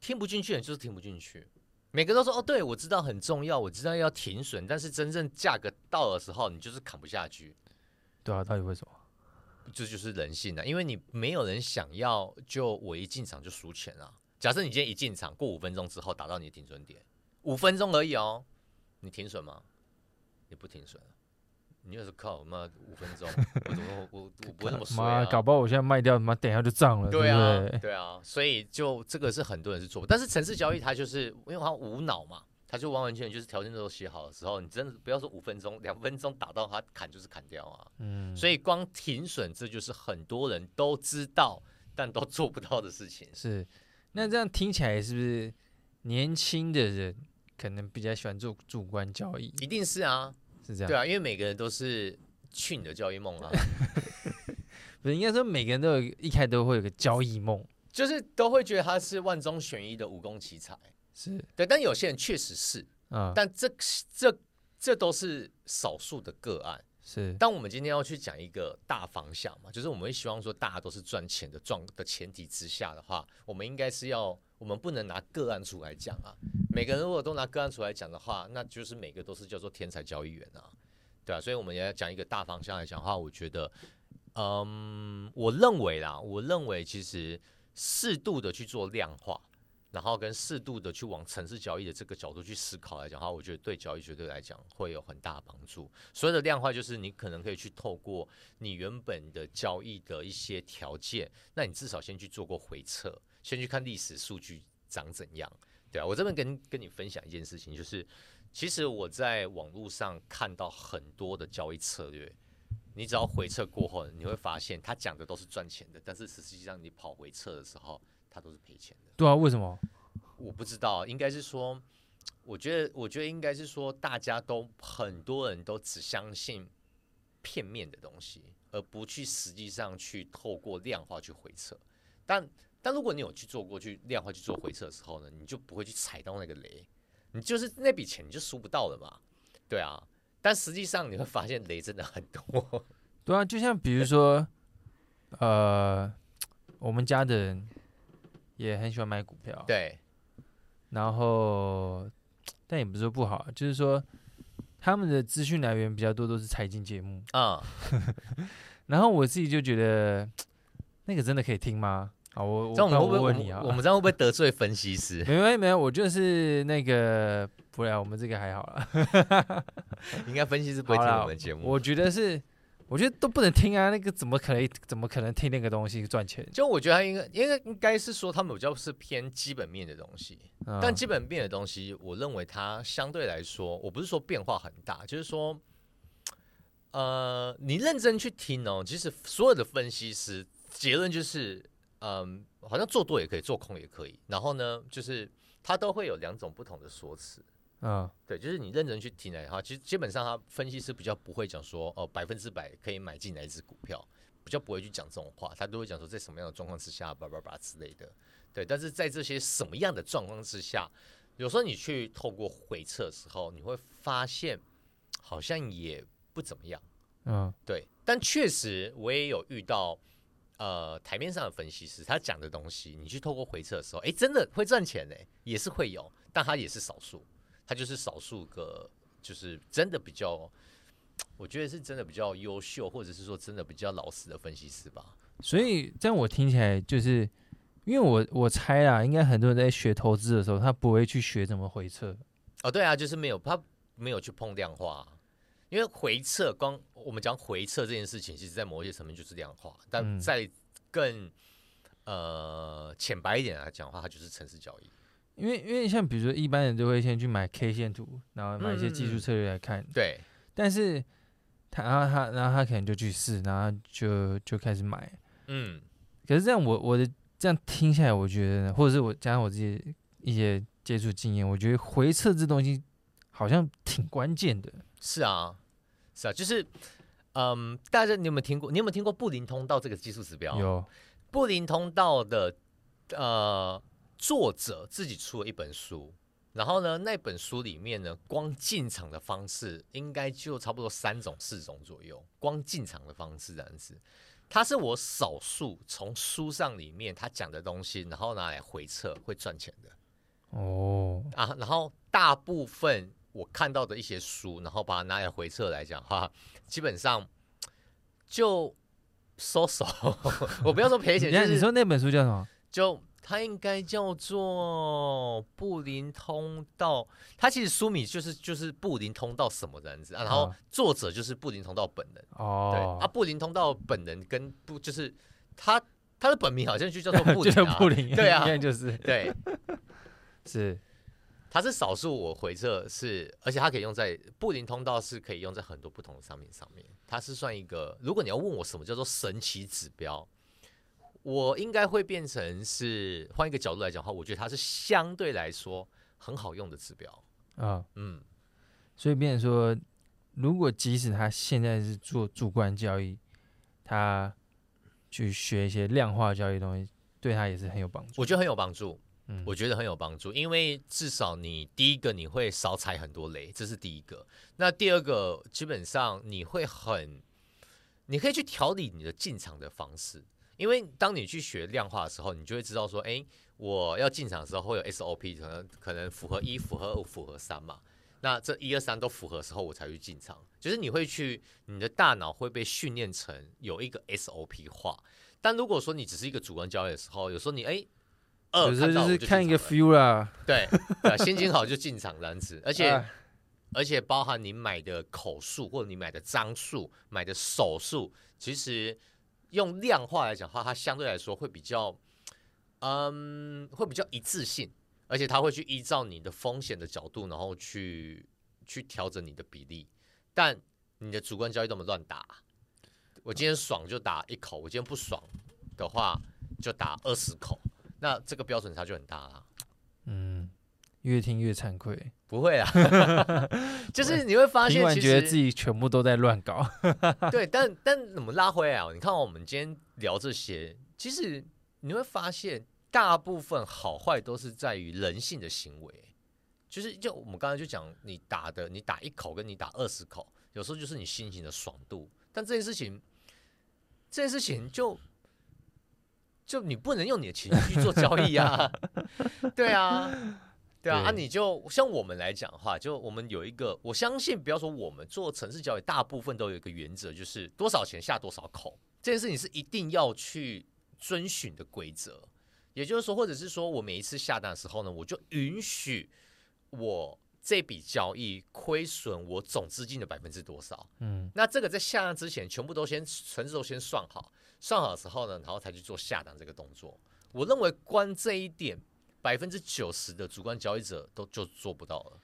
聽不進去，就是聽不進去。每個都說哦，對，我知道很重要，我知道要停損，但是真正價格到的時候，你就是砍不下去。對啊，到底為什麼？這就是人性啊，因為你沒有人想要，就我一進場就輸錢啊。假設你今天一進場，過五分鐘之後達到你的停損點，五分鐘而已哦，你停損嗎？你不停損。你又是靠媽五分鐘，我我我不會那麼衰、啊、 搞不好我現在賣掉，媽等一下就漲了，對啊，對不對？對啊，所以就這個是很多人是做，但是程式交易它就是因為它無腦嘛，它就完完全全就是條件都寫好的時候，你真的不要說五分鐘，兩分鐘打到它砍就是砍掉啊。嗯、所以光停損，這就是很多人都知道但都做不到的事情。是，那這樣聽起來是不是年輕的人可能比較喜歡做主觀交易？一定是啊。是這樣，對啊，因為每個人都是去你的交易夢啊！ 不是應該說，每個人都有一開都會有個交易夢，就是都會覺得他是萬中選一的武功奇才。是對，但有些人確實是、嗯、但這這這都是少數的個案。是，但我們今天要去講一個大方向嘛，就是我們會希望說大家都是賺錢的賺的前提之下的話，我們應該是要。我們不能拿個案出來講啊！每個人如果都拿個案出來講的話，那就是每個都是叫做天才交易員啊，對啊，所以，我們也要講一個大方向來講的話，我覺得，嗯，我認為啦，我認為其實適度的去做量化，然後跟適度的去往程式交易的這個角度去思考來講的話，我覺得對交易絕對來講會有很大幫助。所謂的量化，就是你可能可以去透過你原本的交易的一些條件，那你至少先去做過回測。先去看歷史數據長怎樣，對啊，我這邊跟跟你分享一件事情，就是其實我在網路上看到很多的交易策略，你只要回測過後，你會發現他講的都是賺錢的，但是實際上你跑回測的時候，他都是賠錢的。對啊，為什麼？我不知道，應該是說，我覺得，我覺得應該是說，大家都很多人都只相信片面的東西，而不去實際上去透過量化去回測，但。但如果你有去做過去量化去做回測的時候呢，你就不會去踩到那個雷，你就是那筆錢你就輸不到了嘛，對啊。但實際上你會發現雷真的很多，對啊。就像比如說，呃，我們家的人也很喜歡買股票，對。然後，但也不是說不好，就是說他們的資訊來源比較多都是財經節目啊。嗯、 然後我自己就覺得，那個真的可以聽嗎？啊，我這樣我們會不會我我們，我們這樣會不會得罪分析師？沒有沒有，我就是那個不然我們這個還好了，應該分析師不會聽我們的節目。我覺得是，我覺得都不能聽啊，那個怎麼可能，怎麼可能聽那個東西賺錢？就我覺得他應該應該應該是說他們比較是偏基本面的東西，嗯、但基本面的東西，我認為它，相對來說，我不是說變化很大，就是說，呃，你認真去聽哦、喔，其實所有的分析師結論就是。嗯，好像做多也可以，做空也可以。然後呢，就是他都會有兩種不同的說辭。嗯，對，就是你認真去聽的話，其實基本上他分析師比較不會講說，哦、呃，百分之百可以買進來一隻股票，比較不會去講這種話。他都會講說，在什麼樣的狀況之下，叭叭叭之類的。對，但是在這些什麼樣的狀況之下，有時候你去透過回測的時候，你會發現好像也不怎麼樣。嗯，對。但確實，我也有遇到。呃，檯面上的分析師，他講的東西，你去透過回測的時候，哎、欸，真的會賺錢呢，也是會有，但他也是少數，他就是少數個，就是真的比較，我覺得是真的比較優秀，或者是說真的比較老實的分析師吧。所以，在我聽起來，就是因為我我猜啦，應該很多人在學投資的時候，他不會去學怎麼回測。哦，對啊，就是沒有，他沒有去碰量化。因為回撤，剛我們講回撤這件事情，其實，在某些層面就是量化，但在更呃淺白一點來講的話，它就是程式交易。因為，因為像比如說，一般人都會先去買 K 線圖，然後買一些技術策略來看。嗯、對。但是他，他然後他然後他可能就去試，然後就就開始買。嗯。可是這樣我，我我的這樣聽下來，我覺得，或者是我加上我自己一些接觸經驗，我覺得回撤這東西。好像挺關鍵的，是啊，是啊，就是，嗯、呃，大家你有沒有聽過？你有沒有聽過布林通道這個技術指標？有，布林通道的呃作者自己出了一本書，然後呢，那本書裡面呢，光進場的方式應該就差不多三種、四種左右，光進場的方式，這樣子，它是我少數從書上裡面他講的東西，然後拿來回測會賺錢的，哦，啊，然後大部分。我看到的一些書，然後把它拿來回測來講哈，基本上就收手。我不要說賠錢。你、就是、你說那本書叫什麼？就它應該叫做布林通道。它其實書名就是就是布林通道什麼這樣子、啊，然後作者就是布林通道本人哦。對啊，布林通道本人跟不就是他他的本名好像就叫做布林、啊布林，對啊，對、就是。對是它是少數，我回測是，而且它可以用在布林通道，是可以用在很多不同的商品上面。它是算一個，如果你要問我什麼叫做神奇指標，我應該會變成是換一個角度來講的話，我覺得它是相對來說很好用的指標啊、哦。嗯，所以變成說，如果即使他現在是做主觀交易，他去學一些量化交易東西，對他也是很有幫助。我覺得很有幫助。嗯、我覺得很有幫助，因為至少你第一個你會少踩很多雷，這是第一個。那第二個基本上你會很，你可以去調理你的進場的方式，因為當你去學量化的時候，你就會知道說，哎、欸，我要進場的時候會有 SOP，可能可能符合一、符合二、符合三嘛。那這一二三都符合的時候，我才去進場。就是你會去，你的大腦會被訓練成有一個 SOP 化。但如果說你只是一個主觀交易的時候，有時候你哎。欸就可是，是看一個 feel 啦，對 對，對，心情好就進場這樣子。而且、啊、而且包含你買的口數或者你買的張數、買的手數，其實用量化來講的話，它相對來說會比較，嗯，會比較一致性，而且它會去依照你的風險的角度，然後去去調整你的比例。但你的主觀交易怎麼亂打？我今天爽就打一口，我今天不爽的話就打二十口。那這個標準差就很大了，嗯，越聽越慚愧。不會啊， 就是你會發現，其實覺得自己全部都在亂搞。 對，但但怎麼拉回來啊？你看我們今天聊這些，其實你會發現，大部分好壞都是在於人性的行為。就是就我們剛才就講，你打的，你打一口跟你打二十口，有時候就是你心情的爽度。但這件事情，這件事情就。就你不能用你的情緒做交易啊，對啊，對啊，啊，啊，你就像我們來講的話，就我們有一個，我相信，不要說我們做程式交易，大部分都有一個原則，就是多少錢下多少口，這件事你是一定要去遵循的規則。也就是說，或者是說我每一次下單的時候呢，我就允許我這筆交易虧損我總資金的百分之多少，嗯，那這個在下單之前，全部都先，全部都先算好。上好之後呢，然後才去做下單這個動作。我認為光這一點，百分之九十的主觀交易者都就做不到了。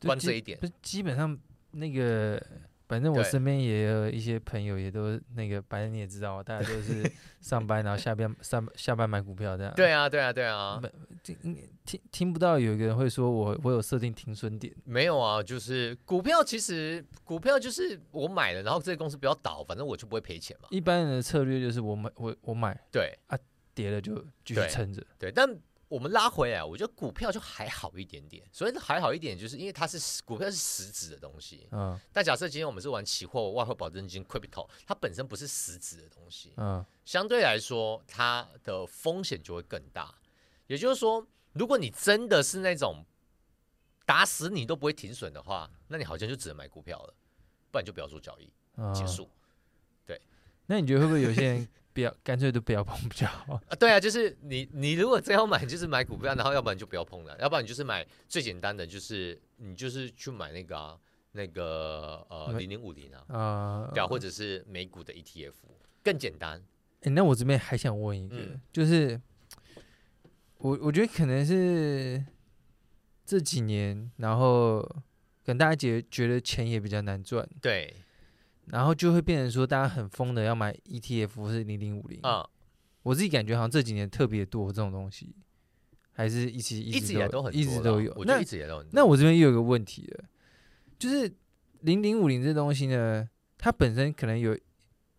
關這一點，不是基本上那個。反正我身邊也有一些朋友，也都那個，反正你也知道，大家都是上班，然後下邊上下班買股票這樣。對啊，對啊，對啊。聽聽聽不到有一個人會說我我有設定停損點。沒有啊，就是股票其實股票就是我買了，然後這個公司不要倒，反正我就不會賠錢嘛。一般人的策略就是我買我我買對啊，跌了就繼續撐着。對，對但。我們拉回來，我覺得股票就還好一點點。所以還好一點，就是因為它是股票是實質的東西。嗯。但假設今天我們是玩期貨、外匯保證金、Crypto，它本身不是實質的東西。嗯。相對來說，它的風險就會更大。也就是說，如果你真的是那種打死你都不會停損的話，那你好像就只能買股票了，不然就不要做交易，結束。對。那你覺得會不會有些人？ 不要，乾脆都不要碰比較好。啊！對啊，就是你，你如果真要買，就是買股票，然後要不然就不要碰了，嗯，要不然你就是買最簡單的，就是你就是去買那個、啊、那個呃零零五零啊表，呃，或者是美股的 ETF，更簡單。哎、欸，那我這邊還想問一個，嗯、就是我我覺得可能是這幾年，然後可能大家覺覺得錢也比較難賺，對。然後就會變成說，大家很瘋的要買 ETF 或是零零五零啊。我自己感覺好像這幾年特別多這種東西，還是一直一直都，一直以來都很多，一直都有。那一直也都有。那我這邊又有一個問題了，就是零零五零這東西呢，它本身可能有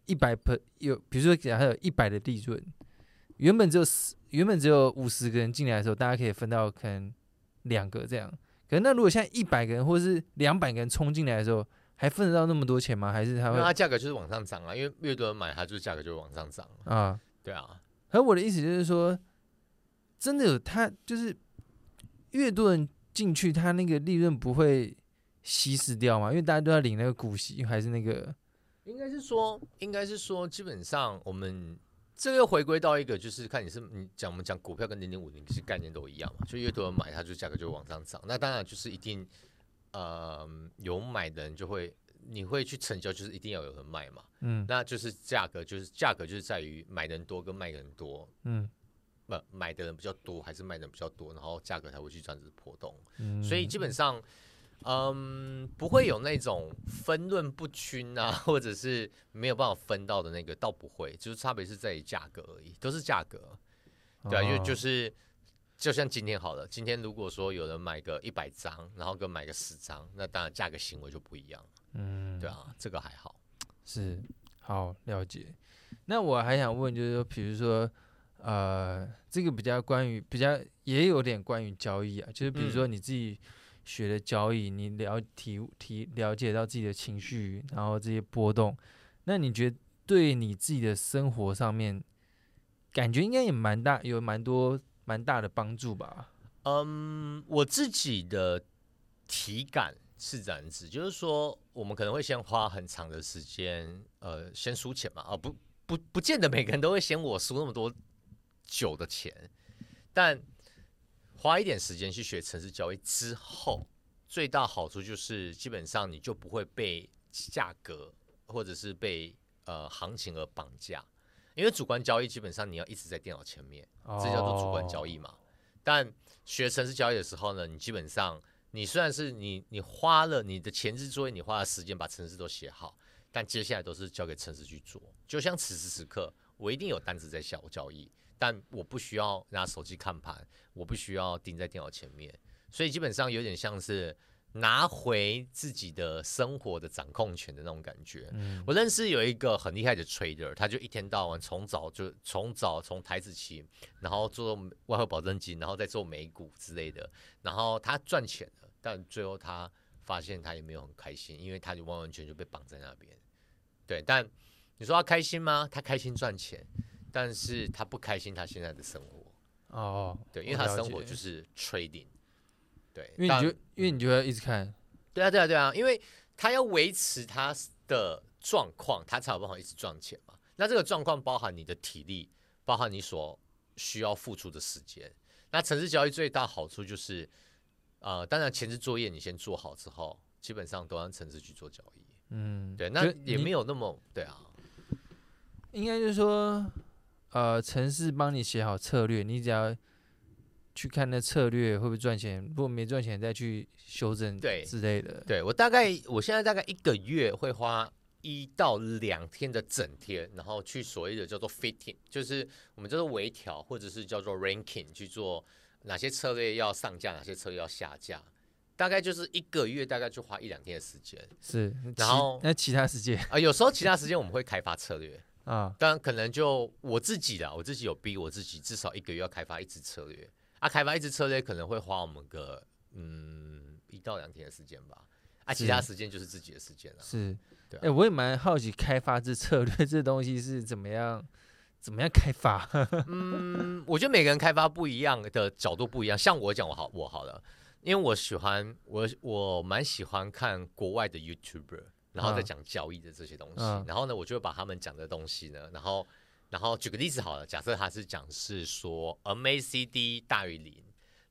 一百本，有比如說假設有一百的利潤，原本只有十，原本只有五十個人進來的時候，大家可以分到可能兩個這樣。可是那如果現在一百個人或者是兩百個人衝進來的時候，還分得到那麼多錢嗎？還是它會？那它價格就是往上漲啊，因為越多人買，它就是價格就會往上漲啊。對啊。而我的意思就是說，真的有它，就是越多人進去，它那個利潤不會稀釋掉嗎？因為大家都要領那個股息，還是那個？應該是說，應該是說，基本上我們這個回歸到一個，就是看你是你講我們講股票跟零點五零是概念都一樣嘛？就越多人買，它就價格就會往上漲。那當然就是一定。呃、嗯，有買的人就會，你會去成交，就是一定要有人賣嘛，嗯，那就是價格，就是價格就是在於買的人多跟賣的人多，嗯，不、呃、買的人比較多還是賣的人比較多，然後價格才會去這樣子波動、嗯，所以基本上，嗯，不會有那種分論不均啊，或者是沒有辦法分到的那個，倒不會，就是差別是在於價格而已，都是價格，對、啊，就、哦、就是。就像今天好了，今天如果說有人買個一百張，然後跟買個十張，那當然價格行為就不一樣了。嗯，對啊，這個還好，是好了解。那我還想問，就是說，比如說，呃，這個比較關於，比較也有點關於交易啊，就是比如說你自己學的交易，嗯、你了體體了解到自己的情緒，然後這些波動，那你覺得對你自己的生活上面感覺應該也蠻大，有蠻多。蠻大的幫助吧。嗯、um，我自己的體感是這樣子，就是說，我們可能會先花很長的時間，呃，先輸錢嘛。啊，不不，不見得每個人都會嫌我輸那麼多久的錢。但花一點時間去學程式交易之後，最大好處就是，基本上你就不會被價格或者是被呃行情而綁架。因為主觀交易基本上你要一直在電腦前面，oh. 這叫做主觀交易嘛。但學程式交易的時候呢，你基本上你雖然是你你花了你的前置作業，你花了時間把程式都寫好，但接下來都是交給程式去做。就像此時此刻，我一定有單子在小我交易，但我不需要拿手機看盤，我不需要盯在電腦前面，所以基本上有點像是。拿回自己的生活的掌控權的那種感覺，嗯。我認識有一個很厲害的 trader，他就一天到晚從早就從早從台指期，然後做外匯保證金，然後再做美股之類的。然後他賺錢了，但最後他發現他也沒有很開心，因為他就完完全全被綁在那邊。對，但你說他開心嗎？他開心賺錢，但是他不開心他現在的生活。哦，對，因為他生活就是 trading。因為，嗯、因為你就因為你就要一直看，對啊對啊對啊，因為他要維持他的狀況，他才有辦法一直賺錢嘛。那這個狀況包含你的體力，包含你所需要付出的時間。那程式交易最大好處就是，呃，當然前置作業你先做好之後，基本上都讓程式去做交易。嗯，對，那也沒有那麼、嗯、對啊，應該就是說，呃，程式幫你寫好策略，你只要。去看那策略會不會賺錢，如果沒賺錢，再去修正對之類的。對，對我大概我現在大概一個月會花一到兩天的整天，然後去所謂的叫做 fitting，就是我們叫做微調，或者是叫做 ranking，去做哪些策略要上架，哪些策略要下架。大概就是一個月大概就花一兩天的時間。是，然後其那其他時間啊，有時候其他時間我們會開發策略 啊，當然可能就我自己的，我自己有逼我自己至少一個月要開發一支策略。啊，開發一支策略可能會花我們個嗯一到兩天的時間吧。啊，其他時間就是自己的時間了、啊。是，對、啊。哎、欸，我也蠻好奇開發這策略這東西是怎麼樣，怎麼樣開發？ 嗯，我覺得每個人開發不一樣的角度不一樣。像我講，我好我好了，因為我喜歡我我蠻喜歡看國外的 YouTuber，然後再講交易的這些東西、啊。然後呢，我就會把他們講的東西呢，然後。然後舉個例子好了，假設它是講是說 MACD 大於零，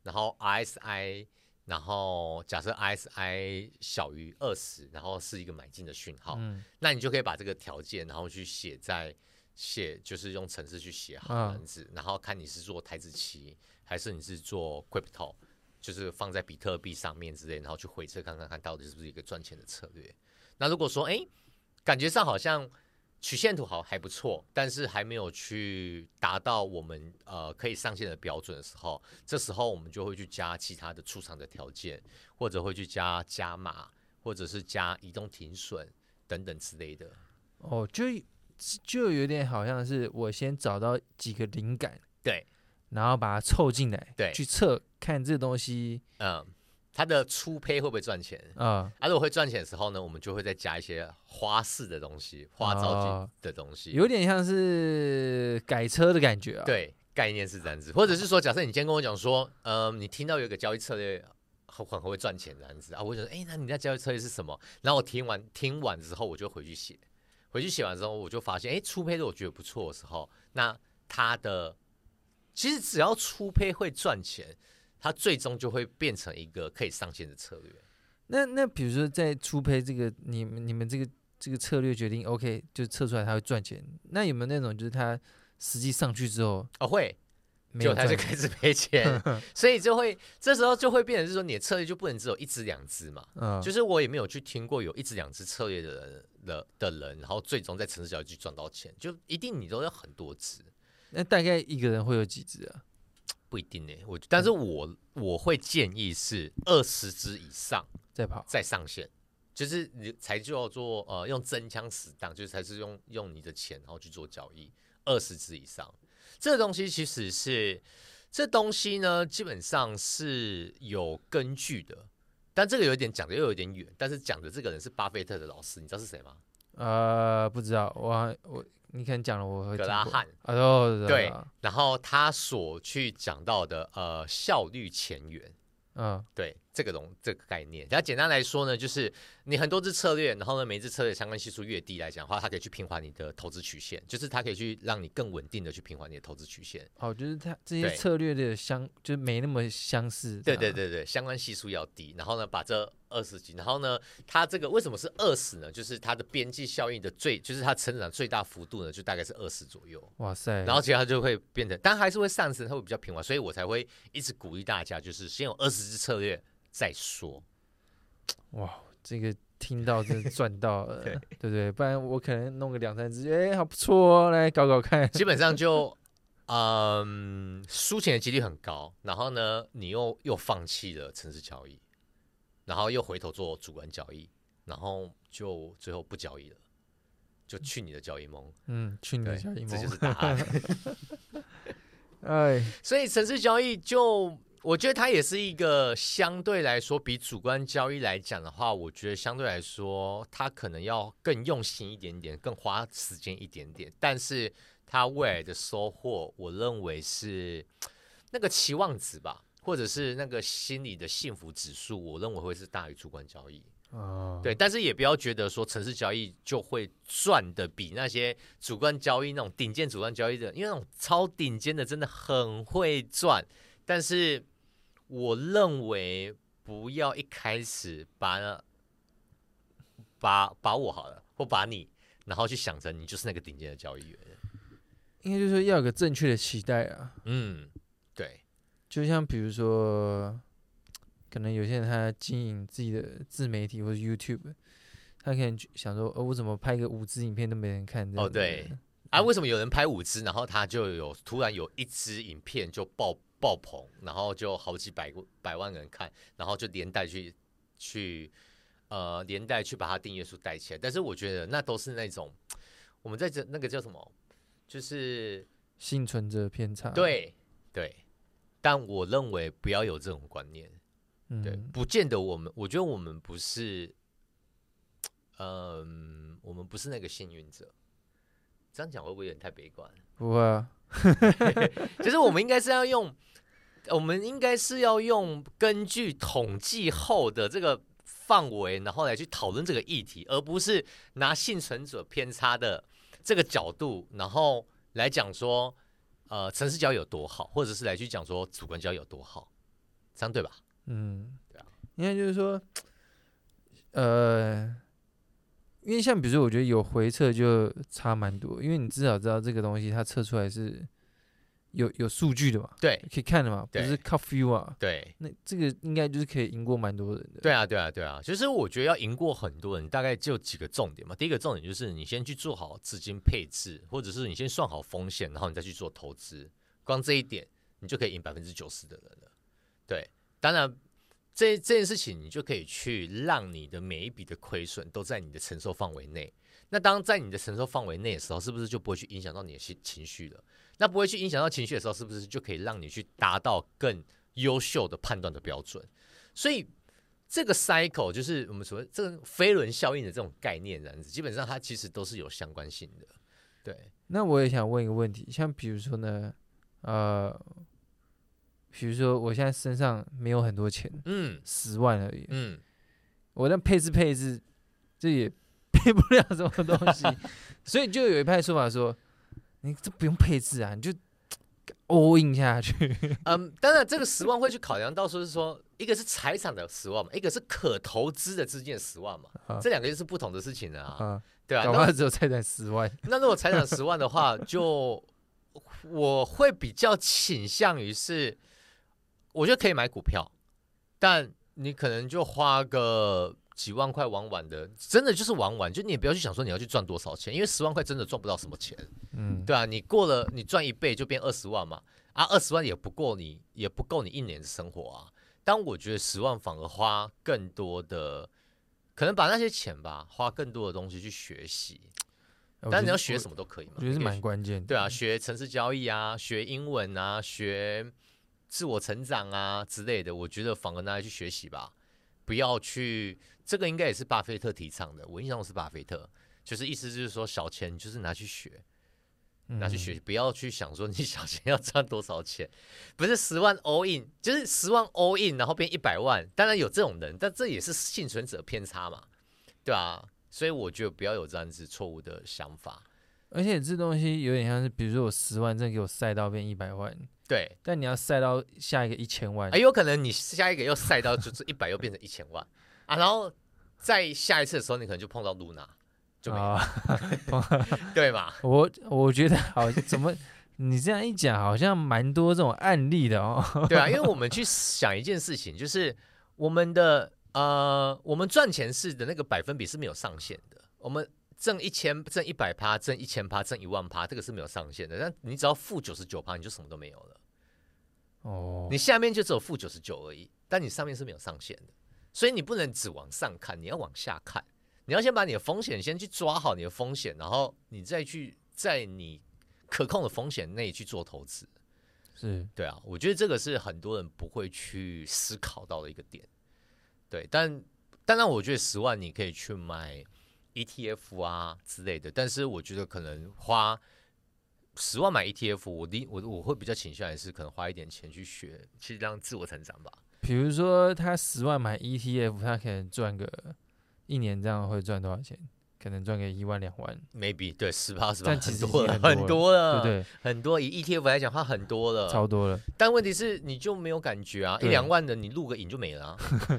然後 RSI，然後假設 RSI 小於二十，然後是一個買進的訊號，嗯、那你就可以把這個條件，然後去寫在寫就是用程式去寫好文字、啊，然後看你是做台指期還是你是做 crypto，就是放在比特幣上面之類，然後去回測看看看到底是不是一個賺錢的策略。那如果說哎，感覺上好像。曲線圖好還不錯，但是還沒有去達到我們呃可以上線的標準的時候，這時候我們就會去加其他的出場的條件，或者會去加加碼，或者是加移動停損等等之類的。哦，就就有點好像是我先找到幾個靈感，對，然後把它湊進來，對，去測看這東西，嗯。它的初胚會不會賺錢、哦、啊？而如果會賺錢的時候呢，我們就會再加一些花式的東西、花招的東西、哦，有點像是改車的感覺啊。對，概念是這樣子，或者是說，假設你今天跟我講說，嗯、呃，你聽到有一個交易策略很很會賺錢這樣子啊，我就說，哎、欸，那你的交易策略是什麼？然後我聽完聽完之後，我就回去寫，回去寫完之後，我就發現，哎、欸，初胚我覺得不錯的時候，那它的其實只要初胚會賺錢。他最終就會變成一個可以上線的策略。那那比如說在初賠這個，你們你們這個這個策略決定，OK 就測出來他會賺錢。那有沒有那種就是他實際上去之後哦會，沒有就他就開始賠錢，呵呵，所以就會這時候就會變成是說你的策略就不能只有一只兩只嘛。嗯，就是我也沒有去聽過有一只兩只策略的人的，的人，然後最終在程式交易去賺到錢，就一定你都要很多只。那大概一個人會有幾只啊？不一定呢，我但是我我會建議是二十支以上再上限再跑再上線，就是你才叫做呃用真槍實彈，就是才是用用你的錢然後去做交易。二十支以上，這個東西其實是這個東西呢，基本上是有根據的，但這個有點講的又有點遠。但是講的這個人是巴菲特的老師，你知道是誰嗎？呃，不知道，我還我。你可能講了我和格拉漢。啊，對，然後他所去講到的呃效率前緣，嗯，對。這個龍這個概念，然後簡單來說呢，就是你很多隻策略，然後呢，每一隻策略相關係數越低來講的話，它可以去平滑你的投資曲線，就是它可以去讓你更穩定的去平滑你的投資曲線。哦，就是它這些策略的相就沒那麼相似，啊。對對對對，相關係數要低，然後呢，把這二十幾然後呢，它這個為什麼是二十呢？就是它的邊際效應的最，就是它成長最大幅度呢，就大概是二十左右。哇塞，然後其實它就會變成，但還是會上升，它會比較平滑，所以我才會一直鼓勵大家，就是先有二十隻策略。再說，哇，這個聽到這賺到了 對，對不對？不然我可能弄個兩三隻，哎，還不錯哦，來搞搞看。基本上就， 嗯，輸錢的幾率很高。然後呢，你又又放棄了程式交易，然後又回頭做主觀交易，然後就最後不交易了，就去你的交易夢。嗯，去你的交易夢，這就是答案。 哎，所以程式交易就。我覺得他也是一個相對來說比主觀交易來講的話，我覺得相對來說他可能要更用心一點點，更花時間一點點。但是他未來的收穫，我認為是那個期望值吧，或者是那個心理的幸福指數，我認為會是大於主觀交易。對，但是也不要覺得說程式交易就會賺的比那些主觀交易那種頂尖主觀交易的，因為那種超頂尖的真的很會賺。但是我認為，不要一開始把把把握好了，或把你，然後去想着你就是那個頂尖的交易員，應該就是說要有個正確的期待啊。嗯，對，就像比如說，可能有些人他經營自己的自媒體或者 YouTube，他可能就想說，呃、哦，我怎麼拍個五支影片都沒人看？哦，對，啊、嗯，為什麼有人拍五支，然後他就有突然有一支影片就爆？爆棚，然後就好幾百百萬人看，然後就連帶去去呃，連帶去把它訂閱數帶起來。但是我覺得那都是那種我們在這那個叫什麼，就是倖存者偏差。對對，但我認為不要有這種觀念、嗯，對，不見得我們，我覺得我們不是，嗯、呃，我們不是那個幸運者。這樣講會不會有點太悲觀？不會啊。其 實、就是、我們應該是要用，我們應該是要用根據統計後的這個範圍，然後來去討論這個議題，而不是拿幸存者偏差的這個角度，然後來講說，呃，程式交有多好，或者是來去講說主觀交有多好，這樣對吧？嗯，對啊，應該就是說，呃。因為像比如說，我覺得有回測就差蠻多，因為你至少知道這個東西它測出來是有有數據的嘛，對，可以看的嘛，不是靠 feel 啊。對，那這個應該就是可以贏過蠻多人的。對啊，對啊，對啊。其實我覺得要贏過很多人，大概就幾個重點嘛。第一個重點就是你先去做好資金配置，或者是你先算好風險，然後你再去做投資。光這一點，你就可以贏百分之九十的人了。對，當然。這這件事情，你就可以去讓你的每一筆的虧損都在你的承受範圍內。那當在你的承受範圍內的時候，是不是就不會去影響到你的心情緒了？那不會去影響到情緒的時候，是不是就可以讓你去達到更優秀的判斷的標準？所以這個 cycle 就是我們所謂這個飛輪效應的這種概念這樣子，然基本上它其實都是有相關性的。對，那我也想問一個問題，像比如說呢，呃。比如說，我現在身上沒有很多錢，嗯，十萬而已，嗯，我那配置配置，這也配不了什麼東西， 所以就有一派說法說，你這不用配置啊，你就 all in 下去。嗯，當然這個十萬會去考量到，說是說一個是財產的十萬嘛，一個是可投資的資金的十萬嘛，啊、這兩個又是不同的事情的啊，啊，對啊，然、啊、那只有財產十萬，那如果財產十萬的話，就我會比較傾向於是。我覺得可以買股票，但你可能就花個幾萬塊玩玩的，真的就是玩玩。就你也不要去想說你要去賺多少錢，因為十萬塊真的賺不到什麼錢。嗯，對啊，你過了你賺一倍就變二十萬嘛，啊，二十萬也不夠你，也不夠你一年的生活啊。但我覺得十萬反而花更多的，可能把那些錢吧，花更多的東西去學習。但你要學什麼都可以嘛，我覺得是蠻關鍵。對啊，學程式交易啊，學英文啊，學。自我成長啊之類的，我覺得反而拿來去學習吧，不要去這個應該也是巴菲特提倡的。我印象中是巴菲特，就是意思就是說小錢就是拿去學，拿去學，不要去想說你小錢要賺多少錢，不是十萬 all in，就是十萬 all in，然後變一百萬。當然有這種人，但這也是倖存者偏差嘛，對啊，所以我覺得不要有這樣子錯誤的想法。而且這東西有點像是，比如說我十萬真的給我塞到變一百萬。對，但你要賽到下一個一千萬，哎，有可能你下一個又賽到就是一百，又變成一千萬 啊，然後再下一次的時候，你可能就碰到露娜，就沒了，哦、 對吧？我我覺得好像怎麼你這樣一講，好像蠻多這種案例的哦。 對啊，因為我們去想一件事情，就是我們的呃，我們賺錢是的那個百分比是沒有上限的，我們。掙一千，掙一百趴，掙一千趴，掙一萬趴，這個是沒有上限的。但你只要負九十九趴，你就什麼都沒有了。哦、oh.，你下面就只有負九十九而已。但你上面是沒有上限的，所以你不能只往上看，你要往下看。你要先把你的風險先去抓好，你的風險，然後你再去在你可控的風險內去做投資。是、嗯、對啊，我覺得這個是很多人不會去思考到的一個點。對，但當然，我覺得十萬你可以去買，E T F 啊之類的，但是我覺得可能花十萬買 E T F，我的我我會比較傾向的是可能花一點錢去學，去讓自我成長吧。比如說他十萬買 E T F，他可能賺個一年這樣會賺多少錢？可能賺個一萬兩萬？Maybe 對，十八十萬，其實很多了，很多了，很多了，對對？很多以 E T F 來講話，它很多了，超多了。但問題是，你就沒有感覺啊？一兩萬的你錄個影就沒了、啊，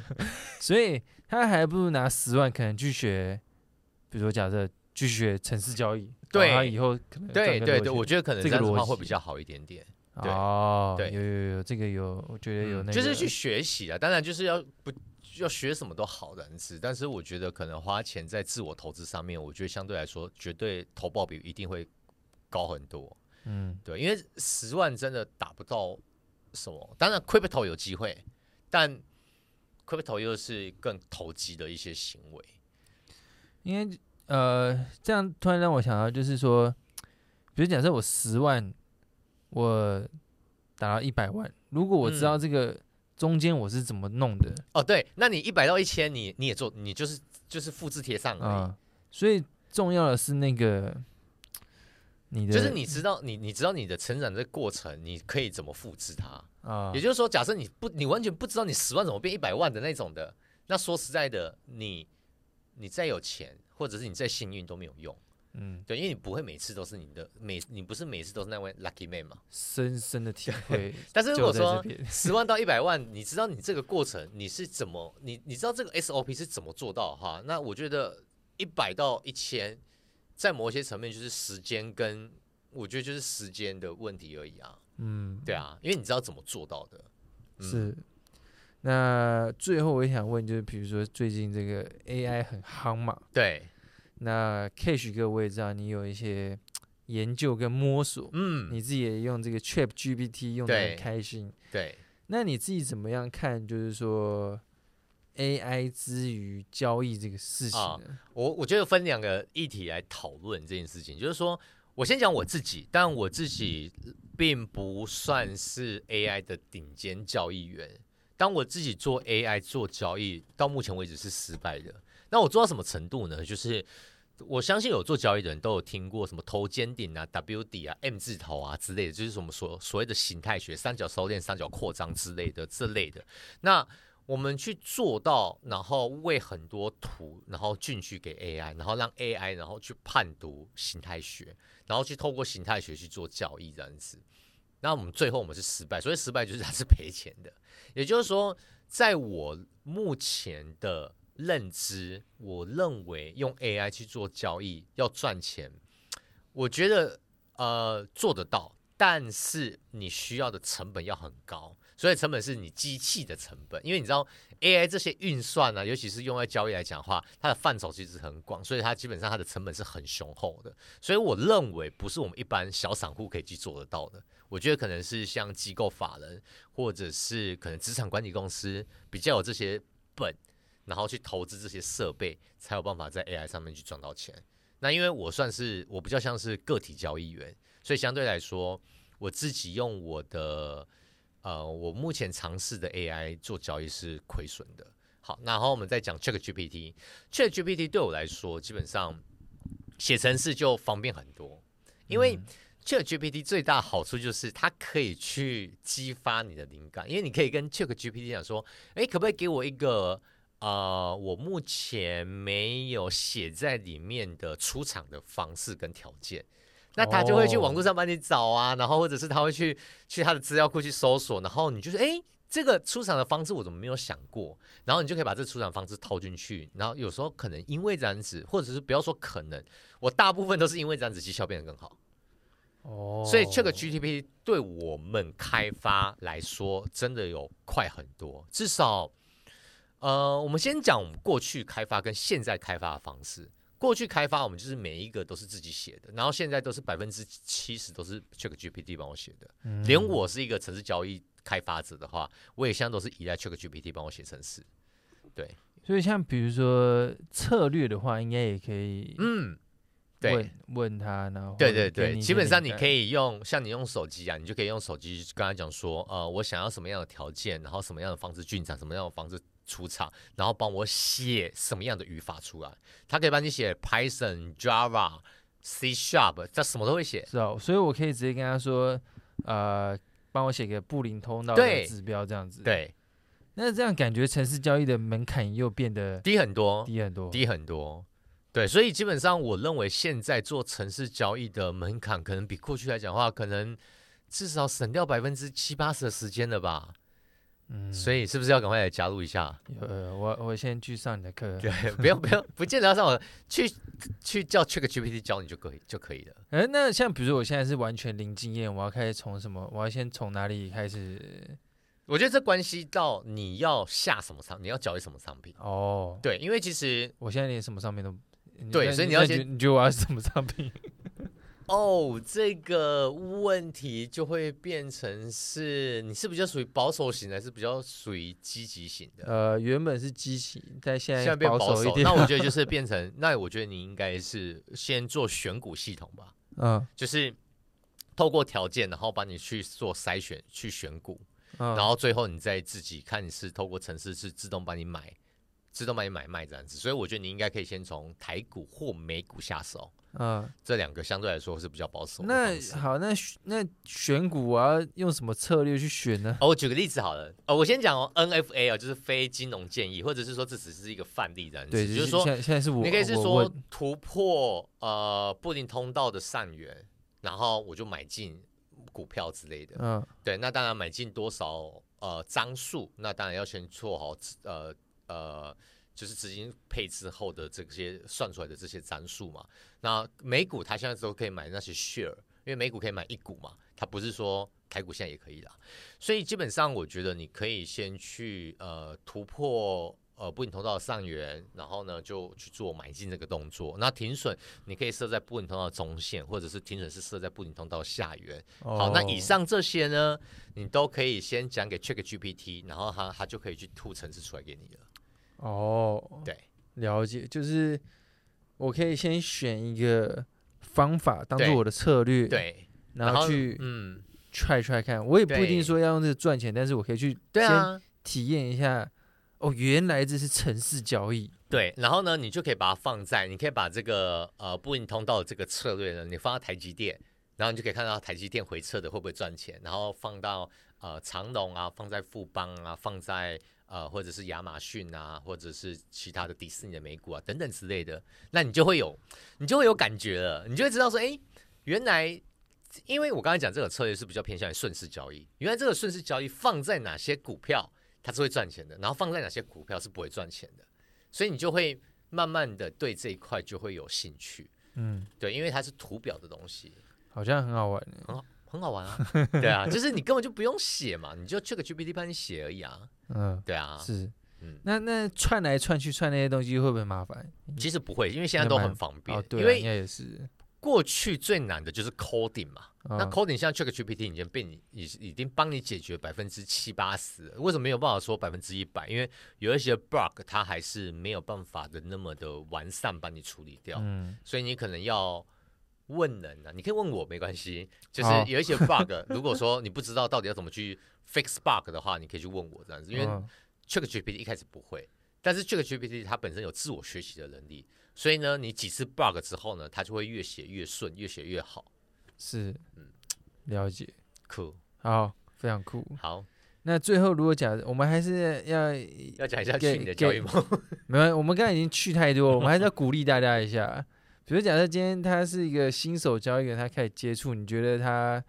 所以他還不如拿十萬可能去學。比如說假，假設繼續學程式交易，啊以後可能對對對，我覺得可能這個邏輯會比較好一點點。哦、這個，對，有有有，這個有，我覺得有那個，嗯、就是去學習啊。當然，就是要不要學什麼都好的是，但是我覺得可能花錢在自我投資上面，我覺得相對來說絕對投報比一定會高很多。嗯，對，因為十萬真的達不到什麼。當然，crypto 有機會，但 crypto 又是更投機的一些行為。因為呃，這樣突然讓我想到，就是說，比如假設我十萬，我打到一百萬，如果我知道這個中間我是怎麼弄的、嗯，哦，對，那你一百到一千你，你你也做，你就是就是複製貼上而已、啊。所以重要的是那個你的，就是你知道你你知道你的成長的過程，你可以怎麼複製它啊？也就是說，假設你不你完全不知道你十萬怎麼變一百萬的那種的，那說實在的，你。你再有錢，或者是你再幸運都沒有用，嗯，對，因為你不會每次都是你的，每你不是每次都是那位 lucky man 嘛？深深的體會。但是如果說十 萬到一百萬，你知道你這個過程你是怎麼，你你知道這個 S O P 是怎麼做到哈？那我覺得一百到一千，在某些層面就是時間跟我覺得就是時間的問題而已啊，嗯，對啊，因為你知道怎麼做到的，嗯、是。那最後我也想問，就是比如說最近這個 AI 很夯嘛？對。那 Cash 哥我也知道你有一些研究跟摸索，嗯，你自己也用這個 ChatGPT 用的很開心對。對。那你自己怎麼樣看？就是說 AI 之於交易這個事情呢、啊，我我覺得分兩個議題來討論這件事情，就是說我先講我自己，但我自己並不算是 AI 的頂尖交易員。當我自己做 AI 做交易，到目前為止是失敗的。那我做到什麼程度呢？就是我相信有做交易的人都有聽過什麼頭肩頂啊、W 底啊、M 字頭啊之類的，就是什麼所所謂的形態學、三角收斂、三角擴張之類的這類的。那我們去做到，然後為很多圖，然後進去給 AI，然後讓 AI 然後去判讀形態學，然後去透過形態學去做交易，這樣子。那我們最後我們是失敗，所以失敗就是它是賠錢的。也就是說，在我目前的認知，我認為用 AI 去做交易要賺錢，我覺得呃做得到，但是你需要的成本要很高，所以成本是你機器的成本，因為你知道 AI 這些運算呢、啊，尤其是用在交易來講的話，它的範疇其實很廣，所以它基本上它的成本是很雄厚的，所以我認為不是我們一般小散戶可以去做得到的。我覺得可能是像機構法人，或者是可能資產管理公司比較有這些本，然後去投資這些設備，才有辦法在 AI 上面去賺到錢。那因為我算是我比較像是個體交易員，所以相對來說我自己用我的呃我目前嘗試的 AI 做交易是虧損的。好，然後我們再講 ChatGPT，ChatGPT 對我來說基本上寫程式就方便很多，因為、嗯。這個 GPT 最大好處就是它可以去激發你的靈感，因為你可以跟這個 GPT 講說：“誒、欸，可不可以給我一個呃，我目前沒有寫在裡面的出場的方式跟條件？”那他就會去網絡上幫你找啊，oh. 然後或者是他會去去他的資料庫去搜索，然後你就是誒、欸，這個出場的方式我怎麼沒有想過？然後你就可以把這出場方式套進去，然後有時候可能因為這樣子，或者是不要說可能，我大部分都是因為這樣子，績效變得更好。哦、Oh，所以這個 GPT 對我們開發來說真的有快很多，至少，呃，我們先講我們過去開發跟現在開發的方式。過去開發我們就是每一個都是自己寫的，然後現在都是百分之七十都是這個 GPT 幫我寫的、嗯。連我是一個程式交易開發者的話，我也現在都是依賴這個 GPT 幫我寫程式。對，所以像比如說策略的話，應該也可以，嗯。問問他呢？然後對對對，基本上你可以用像你用手機啊，你就可以用手機跟他講說，呃，我想要什麼樣的條件，然後什麼樣的方式進場，什麼樣的方式出場，然後幫我寫什麼樣的語法出來，他可以幫你寫 Python、Java、C Sharp，他什麼都會寫。是哦，所以我可以直接跟他說，呃，幫我寫個布林通道指標這樣子。對，對，那這樣感覺程式交易的門檻又變得低很多，低很多，低很多。對，所以基本上我認為現在做程式交易的門檻，可能比過去來講的話，可能至少省掉百分之七八十的時間了吧。嗯，所以是不是要趕快來加入一下？呃，我我先去上你的課。對，不用不用，不見得要上我的 去去叫 ChatGPT 教你就可以就可以了。哎，那像比如我現在是完全零經驗，我要開始從什麼？我要先從哪裡開始？我覺得這關係到你要下什麼倉，你要交易什麼商品哦。對，因為其實我現在連什麼商品都。對，所以你要先你覺得我要是什麼商品？哦 oh，這個問題就會變成是你是不是就屬於保守型的，還是比較屬於積極型的？呃，原本是積極，但現在變保守一點守。那我覺得就是變成，那我覺得你應該是先做選股系統吧。嗯， 就是透過條件，然後幫你去做篩選，去選股，嗯，然後最後你再自己看你是透過程式是自動幫你買。知道嗎？你買賣，賣這樣子，所以我覺得你應該可以先從台股或美股下手。嗯、啊，這兩個相對來說是比較保守。那好，那那選股啊，用什麼策略去選呢，啊？哦，我舉個例子好了。哦，我先講哦，NFA 啊，就是非金融建議，或者是說，這只是一個範例這樣子。就是說現在，現在是我，你可以是說突破呃布林通道的上緣，然後我就買進股票之類的。嗯、啊，對，那當然買進多少呃張數，那當然要先做好呃。呃，就是資金配置後的這些算出來的這些張數嘛。那美股它現在都可以買那些 share，因為美股可以買一股嘛，它不是說台股現在也可以的。所以基本上，我覺得你可以先去呃突破。呃，布林通道上緣，然後呢，就去做買進這個動作。那停損你可以設在布林通道中線，或者是停損是設在布林通道下緣。哦。好，那以上這些呢，你都可以先講給 ChatGPT，然後他他就可以去吐程式出來給你了。哦，對，了解。就是我可以先選一個方法當做我的策略，對，對，然後，然後去嗯 try try 看。我也不一定說要用這個賺錢，但是我可以去先體驗一下。哦，原來這是順勢交易。對，然後呢，你就可以把它放在，你可以把這個呃布林通道的這個策略呢，你放到台積電，然後你就可以看到台積電回撤的會不會賺錢，然後放到呃長榮啊，放在富邦啊，放在呃或者是亞馬遜啊，或者是其他的迪士尼的美股啊等等之類的，那你就會有，你就會有感覺了，你就會知道說，哎，原來因為我剛才講這個策略是比較偏向於順勢交易，原來這個順勢交易放在哪些股票，它是會賺錢的，然後放在哪些股票是不會賺錢的，所以你就會慢慢的對這一塊就會有興趣，嗯，對，因為它是圖表的東西，好像很好玩，很好，很好玩啊， 對啊，就是你根本就不用寫嘛，你就去個 GPT 幫你寫而已啊，嗯，對啊，是，嗯，那那串來串去串那些東西會不會麻煩？其實不會，因為現在都很方便，哦、對、啊，因為應該也是。過去最難的就是 coding 嘛，哦、那 coding 像 ChatGPT 已經被你已已經幫你解決百分之七八十，為什麼沒有辦法說百分之一百？因為有一些 bug 它還是沒有辦法的那麼的完善幫你處理掉，嗯、所以你可能要問人啊，你可以問我沒關係，就是有一些 bug，哦、如果說你不知道到底要怎麼去 fix bug 的話，你可以去問我這樣子。因為 ChatGPT 一開始不會，但是 ChatGPT 它本身有自我學習的能力。所以呢，你幾次 bug 之後呢，他就會越寫越順，越寫越好。是，嗯，了解，酷、cool.，好，非常酷、cool。好，那最後如果講，我們還是要要講一下去你的交易夢嗎？嗎，沒有，我們剛才已經去太多， 我們還是要鼓勵大家一下。比如假設今天他是一個新手交易員，他開始接觸，你覺得他，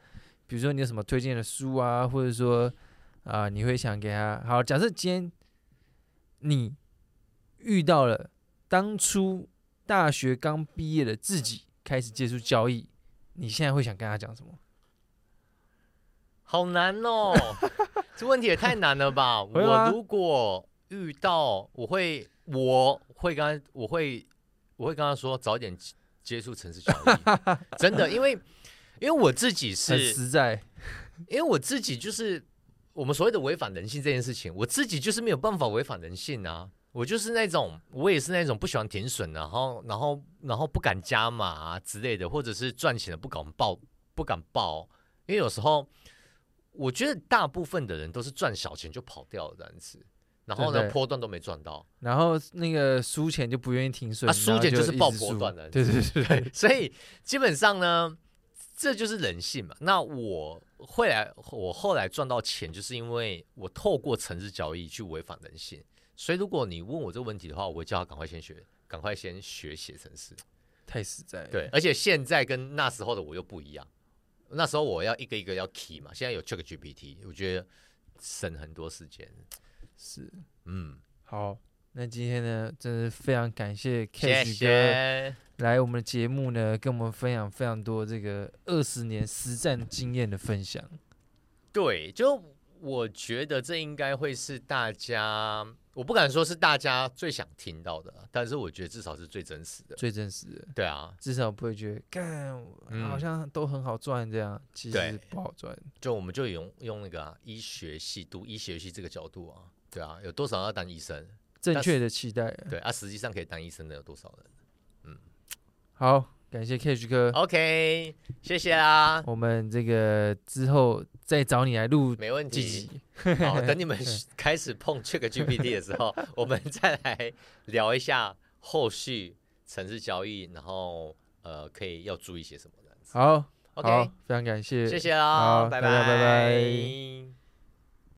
比如說你有什麼推薦的書啊，或者說啊、呃，你會想給他？好，假設今天你遇到了當初。大學剛畢業的自己開始接觸交易，你現在會想跟他講什麼？好難哦， 這問題也太難了吧！ 啊、我如果遇到，我會我會跟他我會我會跟他說，早點接觸程式交易， 真的，因為因為我自己是實在，因為我自己就是我們所謂的違反人性這件事情，我自己就是沒有辦法違反人性啊。我就是那種，我也是那種不喜歡停損，然後，然後，然後不敢加碼啊之類的，或者是賺錢的不敢抱不敢抱。因為有時候我覺得大部分的人都是賺小錢就跑掉了這樣子，然後呢，對對對波段都沒賺到，然後那個輸錢就不願意停損，啊，輸、啊、錢就是抱波段的，對對，對對對，所以基本上呢，這就是人性嘛。那我後來，我後來賺到錢，就是因為我透過程式交易去違反人性。所以，如果你問我這個問題的話，我會叫他趕快先學，趕快先學寫程式。太實在了。對，而且現在跟那時候的我又不一樣。那時候我要一個一個要 key 嘛，現在有 ChatGPT，我覺得省很多時間。是，嗯，好，那今天呢，真是非常感謝 Cash 哥謝謝來我們的節目呢，跟我們分享非常多這個二十年實戰經驗的分享。對，就我覺得這應該會是大家。我不敢說是大家最想聽到的，但是我覺得至少是最真實的，最真實的。對啊，至少不會覺得，看好像都很好賺，這樣、嗯、其實是不好賺。就我們就用用那個、啊、醫學系讀醫學系這個角度啊，對啊，有多少要當醫生？正確的期待、啊。對啊，實際上可以當醫生的有多少人？嗯，好，感謝 Cash 哥。OK，謝謝啦。我們這個之後。再找你來錄，沒問題、嗯。好，等你們開始碰這個 GPT 的時候， 我們再來聊一下後續程式交易，然後呃，可以要注意些什麼。好，OK，好，非常感謝，謝謝哦。拜拜拜拜。拜拜。